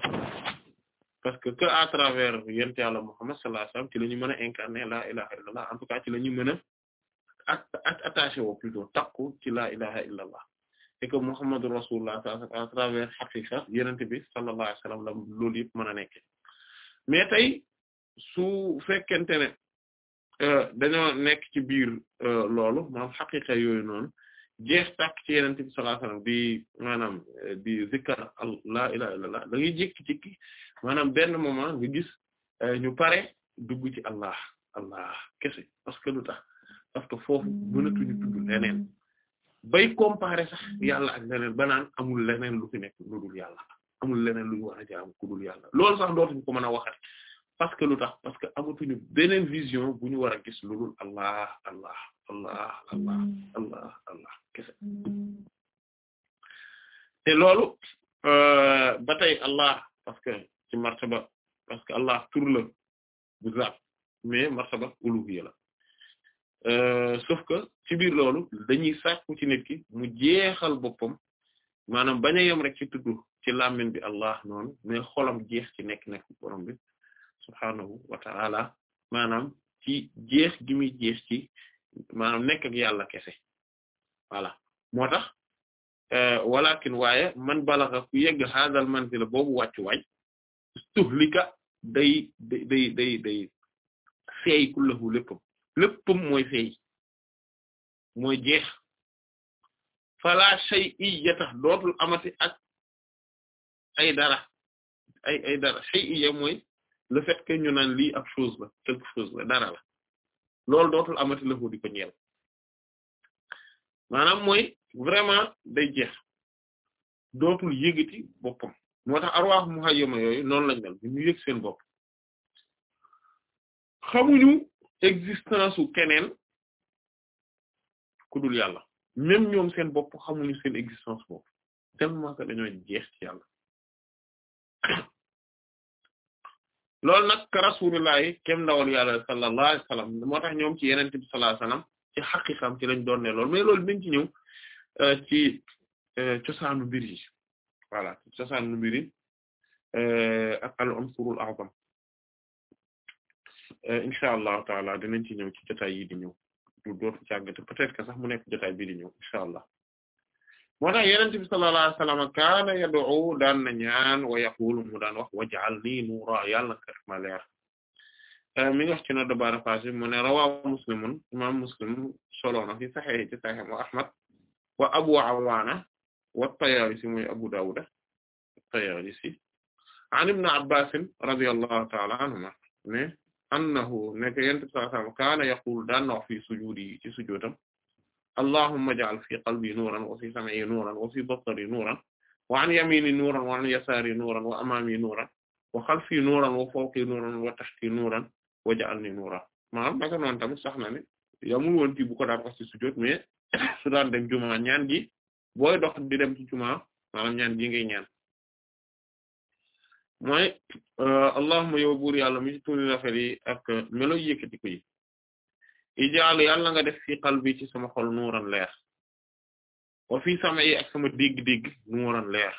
parce que que à travers yent yàlla muhammad sallallahu alayhi wasallam ci la ñu mën a incarner ilaha en tout cas ci la ñu mën a attaché takku ci la ilaha illallah et que Muhammadu Rasulullah à travers xaqiqa yenente bi sallallahu alayhi wasallam la loolu yëpp nekke mais su fekkente ne euh, dañoo nekk ci biir euh, loolu maanaam xaqiqa yooyu noonu jeex tàkk ci yenente bi sallallahu alayhi di maanaam euh, di zikkar al la ilaha illallah da ngay maanaam benn moment nga gis ñu pare dugg ci Allah Allah kese parce que lu tax parce que foofu mënatuñu tudd leneen bay comparer sax yàlla ak leneen ba naan amul leneen lu fi nekk lu dul yàlla amul leneen lu ñu war a jaam ku dul yàlla loolu sax dootuñ ko mën a waxat parce que lu tax parce que amatuñu beneen vision bu ñu war a gis lu dul allah allah allah allah mm. allah allah kese te loolu euh, ba tey allah parce que ci martaba parce allah tur bu zaat mais martaba uluhiyya la Euh, sauf que ci biir loolu dañuy sàkku ci nit ki mu jeexal boppam maanaam bañ a yem rek ci tudd ci làmmiñ bi allah noon mais xolam jeex ci nekk nekk borom bi subhaanahu maanaam ci jeex gi muy jeex ci maanaam nekk ak yàlla kese voilà moo tax euh, walakin waaye man balaxa ku yegg hadal manzila boobu wàccu waay stuhlika day day day day day seey kullahu léppam léppam mooy feey mooy jeex fala shay'iyya tax dootul amati ak ay dara ay ay dara shay'iyya mooy le fait que ñu naan lii ab chose la quelque chose la dara la loolu dootul amati la di ñeel maanaam mooy vraiment day jeex dootul yëgati boppam moo tax arwaax muhayyama yooyu noonu lañ mel ñu yëg seen bopp xamuñu existence wu keneen ku dul yàlla même ñoom seen bopp xamuñu seen existence bopp tellement que dañoo jeex yàlla loolu nag ka rasulullahi kem ndawal yàlla sallallahu alayhi moo tax ñoom ci yeneen bi sallallahu alayhi ci xaqiqam ci lañ doon ne loolu mais loolu dañ ci ñëw euh, euh, ci cosaanu mbir yi voilà cosaanu mbir yi ak al Euh, incha allahu taala dinañ ci ñëw ci jotaay du dootu càggate peut-être que sax mu nekk jotaay bii allah moo tax yenente bi kaana yad'u daan na ñaan wa yaqulu mu daan wax waj'alni nuura yàlla na ko ma leer euh, mi ngi ci no dobaara passé mu rawa muslimun imam muslim soloona fi saxee ci saxeem wa ahmad wa abu awaana wa at-tayaalisi abu daawuda at an ibn abbas radiyallahu ta'ala anhuma ne annahu nekk yent saa sallam kaana yaqulu na wax fii sujuudi yi ci sujuudam allahumma fi qalbi nuuran wa fi sam'i nuuran wa fi basari nuuran wa an yamini nuuran wa an yasaari nuuran wa amaami nuuran wa xalfi nuuran wa fawqi nuuran wa taxti nuuran waj'alni nuuran maanaam naka noonu tamit sax ne yamul woon ci bu ko daan ci sujuud mais su dem jumaa ñaan gi booy dox dem ci jumaa maanaam ñaan gi ñaan mooy euh, allahumma yow buur yàlla mi ci tuuri rafet yi ak melo yëkkati ko yi ijaalu yàlla nga def fi qalbi ci sama xol nuuran leer wa fi sam'i ak sama dégg-dégg nuuran leer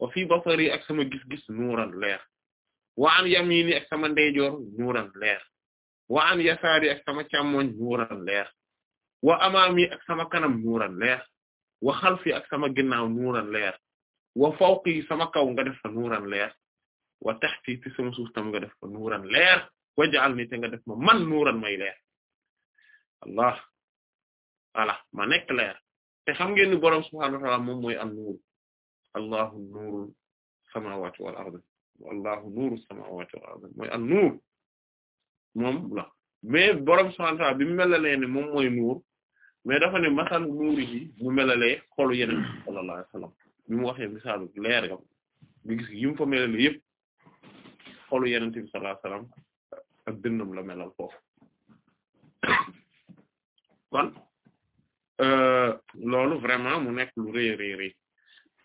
wa fi basari ak sama gis-gis nuuran leer wa an yamini ak sama ndeyjoor nuuran leer wa an yasaari ak sama càmmoñ nuuran leer wa amaami ak sama kanam nuuran leer wa xalfi ak sama ginnaaw nuuran leer wa fawqi sama kaw nga def fa nuuran leer wa taxti ci sama suuf tam nga def ko nuuran leer waj'alni te nga def ma man nuuran may leer allah voilà ma nekk leer te xam ngeen ni boroom subhaanahu wa ta'aala moom mooy am nuur allahu nuurul samaawaati wal ardi wallahu nuuru moom la boroom subhaanahu wa ta'aala bi mu melalee ne moom mooy nuur mais dafa ne masal nuuri bi mu melalee xolu yeneen sallallahu wa sallam mu waxee misaalu leer gam bi gis yi mu fa melalee xolu yenent bi sallallahu alayhi wasallam ak dënnam la melal foofu kon euh, loolu vraiment mu nekk lu rëy rëy rëy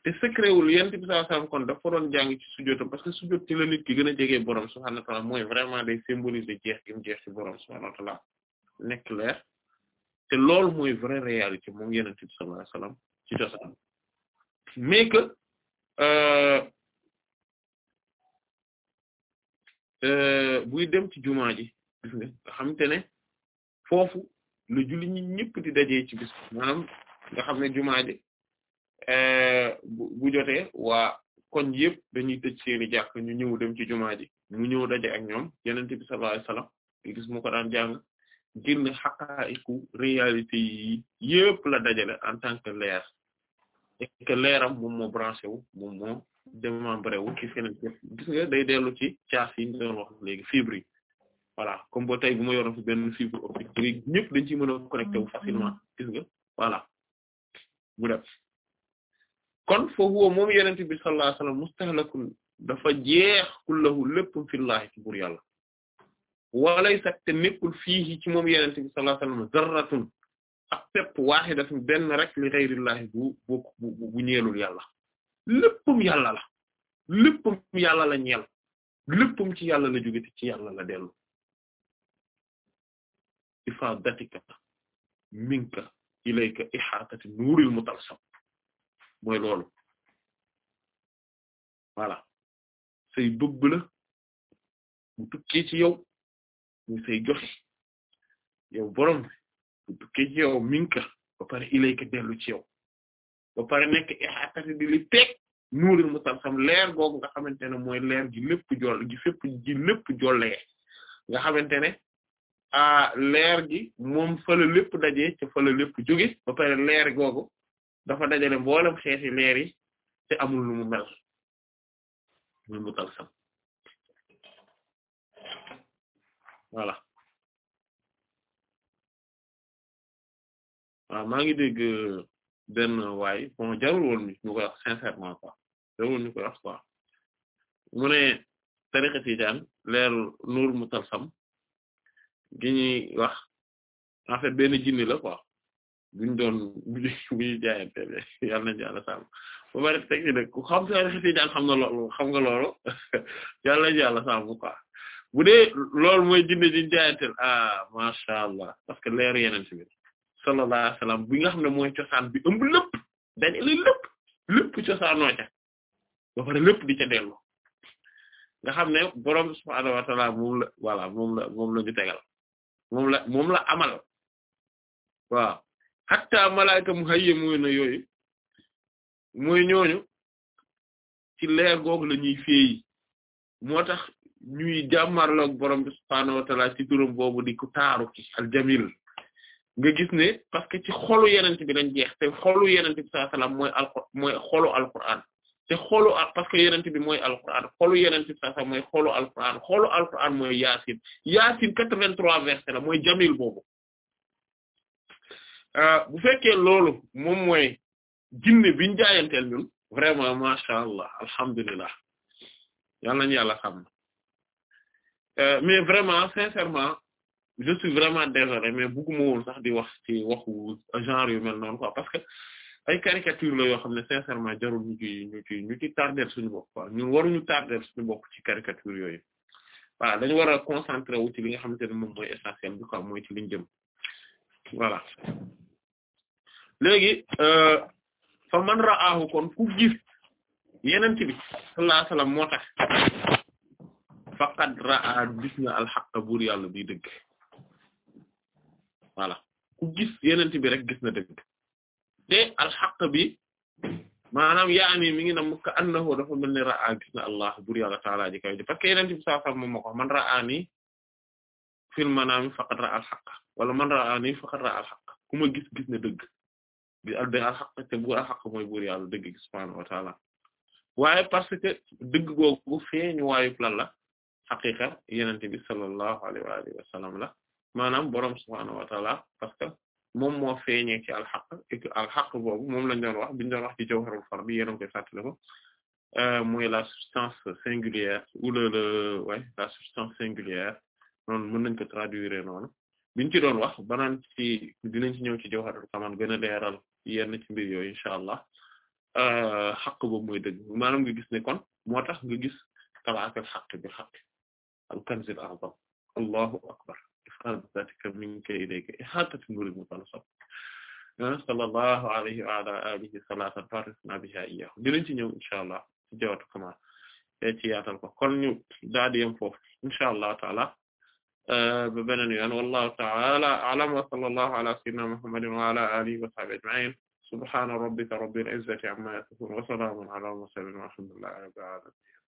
te secret wul yenent bi sallallahu alayhi kon dafa doon jàng ci sujjóotam parce que sujjóot ci la nit ki gën a jege borom subhaanahu wa mooy vraiment day symboliser jeex gi jeex ci borom subhaanahu wa nekk leer te loolu mooy vraie réalité moom yenent bi sallallahu alayhi wasallam Euh, buy dem ci jumaa ji gis nga nga xamante ne foofu lu julli di dajee ci bis nga xam ne jumaa ji euh, bu jotee waa koñ yëpp dañuy tëj seeni jàkk ñu ñëw dem ci jumaa ji mu ñëw daje ak ñoom yenente bi sallallahu alayhi wasallam gis mu jàng génn xaqaa'iqu réalité yi yëpp la dajale en tant que leer et leeram moom moo branché wu moom moo démembré wu gis nga gis day dellu ci caas yi ñu doon léegi fibre yi voilà boo tey bu ma yoroon fi benn fibre optique léegi ñëpp dañ ciy mën a connecté wu facilement gis nga voilà bu def kon foofu moom yenente bi sallallahu alayhi wasallam dafa jeex kullahu lépp fillahi ci buur yàlla walay sax te nekkul fii ci moom yenente bi sallallahu alayhi wasallam zarratun ak pepp waahidatun benn rek li ghayrillahi bu bu bu ñeelul yàlla léppam yàlla la léppam yàlla la ñeel léppam ci yàlla la jóge ci yàlla la dellu ifadatika minka ilayka ihatati nuuril mutalsam mooy loolu voilà say bëgg la bu tukkee ci yow muy say joxe yow borom bu tukkee ci yow minka ba pare ilayka dellu ci yow ba pare nekk ihatati di li teg nuuril mutalsam leer googu nga xamante ne mooy leer gi lépp joll gi fépp gi lépp nga xamante ne a leer gi moom fële lépp daje te fële lépp jóge ba pare leer googu dafa dajale mboolem xeexi leer yi te amul lu mu mel muy mutalsam voilà waaw maa ngi dégg euh, benn waay bon jarul woon ñu koy wax sincèrement quoi jarul woon koy wax quoi mu ne tariqa tijaan leeru nuur mu talsam gi ñuy wax en fait benn jinni la quoi buñ doon buñu buñu jaayante yàlla nañu yàlla sàmm ba xam tariqa tijaan xam nga loolu bu dee loolu mooy jinne diñ jaayanteel ah macha allah parce que leeru yeneen ci sallallahu alayhi bi nga xam ne mooy cosaan bi ëmb lépp dajale lépp lépp cosaanoo ca ba pare lépp di ca dellu nga xam ne borom subhaanahu wa moom la voilà moom la moom la ñu tegal moom la moom la amal waaw hatta malaayika mu xëy mooy na yooyu mooy ñooñu ci leer googu la ñuy féey moo tax ñuy jàmmarloog borom subhaanahu wa ta'ala ci turam boobu di ku taaru ci al nga gis ne parce que ci xolu yenente bi lañ jeex te xolu yenente bi sallallahu alayhi wasallam mooy alqur mooy xolu alquran te xolu parce que yenente bi mooy alquran xolu yenente bi sallallahu alayhi wasallam mooy xolu alquran xolu alquran mooy yaasin yaasin quatre-vingt-trois versets la mooy jamil boobu euh, bu fekkee loolu moom mooy jinne biñ jaayanteel ñun vraiment macha allah alhamdulilah yal nañu yàlla xam euh, mais vraiment sincèrement je suis vraiment désolé mais bëgguma woon sax di wax ci waxu genre yu mel noon quoi parce que ay caricature la yoo xam ne sincèrement jarul ñu ci ñu ci ñu ci tarder suñu bopp quoi ñun waruñu tarder suñu bokk ci caricature yooyu voilà dañu war a concentrer wu ci li nga xamante ne moom mooy essentiel bi quoi mooy ci liñ jëm voilà léegi euh, fa man raahu kon ku gis yeneen bi sallallahu alayhi wasallam moo tax faqad raa gis nga alxaqa buur yàlla biy dëgg voilà ku gis yenent bi rek gis na dëgg te alxaq bi maanaam yaani mi ngi ka annahu dafa mel ni ra'a gis na allah bur yàlla taalaa ji kaw di parce que yenent bi saa saa moom moo man ra'a alxaq wala ra'a alxaq ku ma gis na dëgg bi alxaq te bu alxaq mooy bur dëgg gi wa taala waaye parce que dëgg googu feeñu waayub lan la xaqiqa yenent bi sallallahu alayhi wa alihi la maanaam borom subhaanahu wa taala parce que moom moo feeñee ci alxaq et boobu moom lañ doon wax biñ doon wax ci jawharul fardi yéen a koy fàttali ko euh, mooy la substance singulière ou le le la substance singulière noonu mën nañ ko traduire noonu biñ ci doon wax banaan ci dinañ ci ñëw ci jawharul kamal gën a leeral yenn ci mbir yooyu incha allah euh, xaq boobu mooy dëgg maanaam nga gis ne kon moo tax nga gis talaakal xaq bi xaq allahu akbar xarab zatika minka ilayka ihatatin mu tala sop sallallahu alayhi wa ala alihi salatan farisna biha iyyahu dinañ ci ñëw incha allah ci jawatu kamal ci yaatal ko kon ñu daal di yem foofu incha allah taala ba beneen yoon wallahu taala a'lam wa sallallahu ala sayyidina muhammadin wa ala alihi wa sahbihi ajma'in subhana rabbika rabbil izzati amma yasifun wa salamun ala al mursalin walhamdulillahi rabbil alamin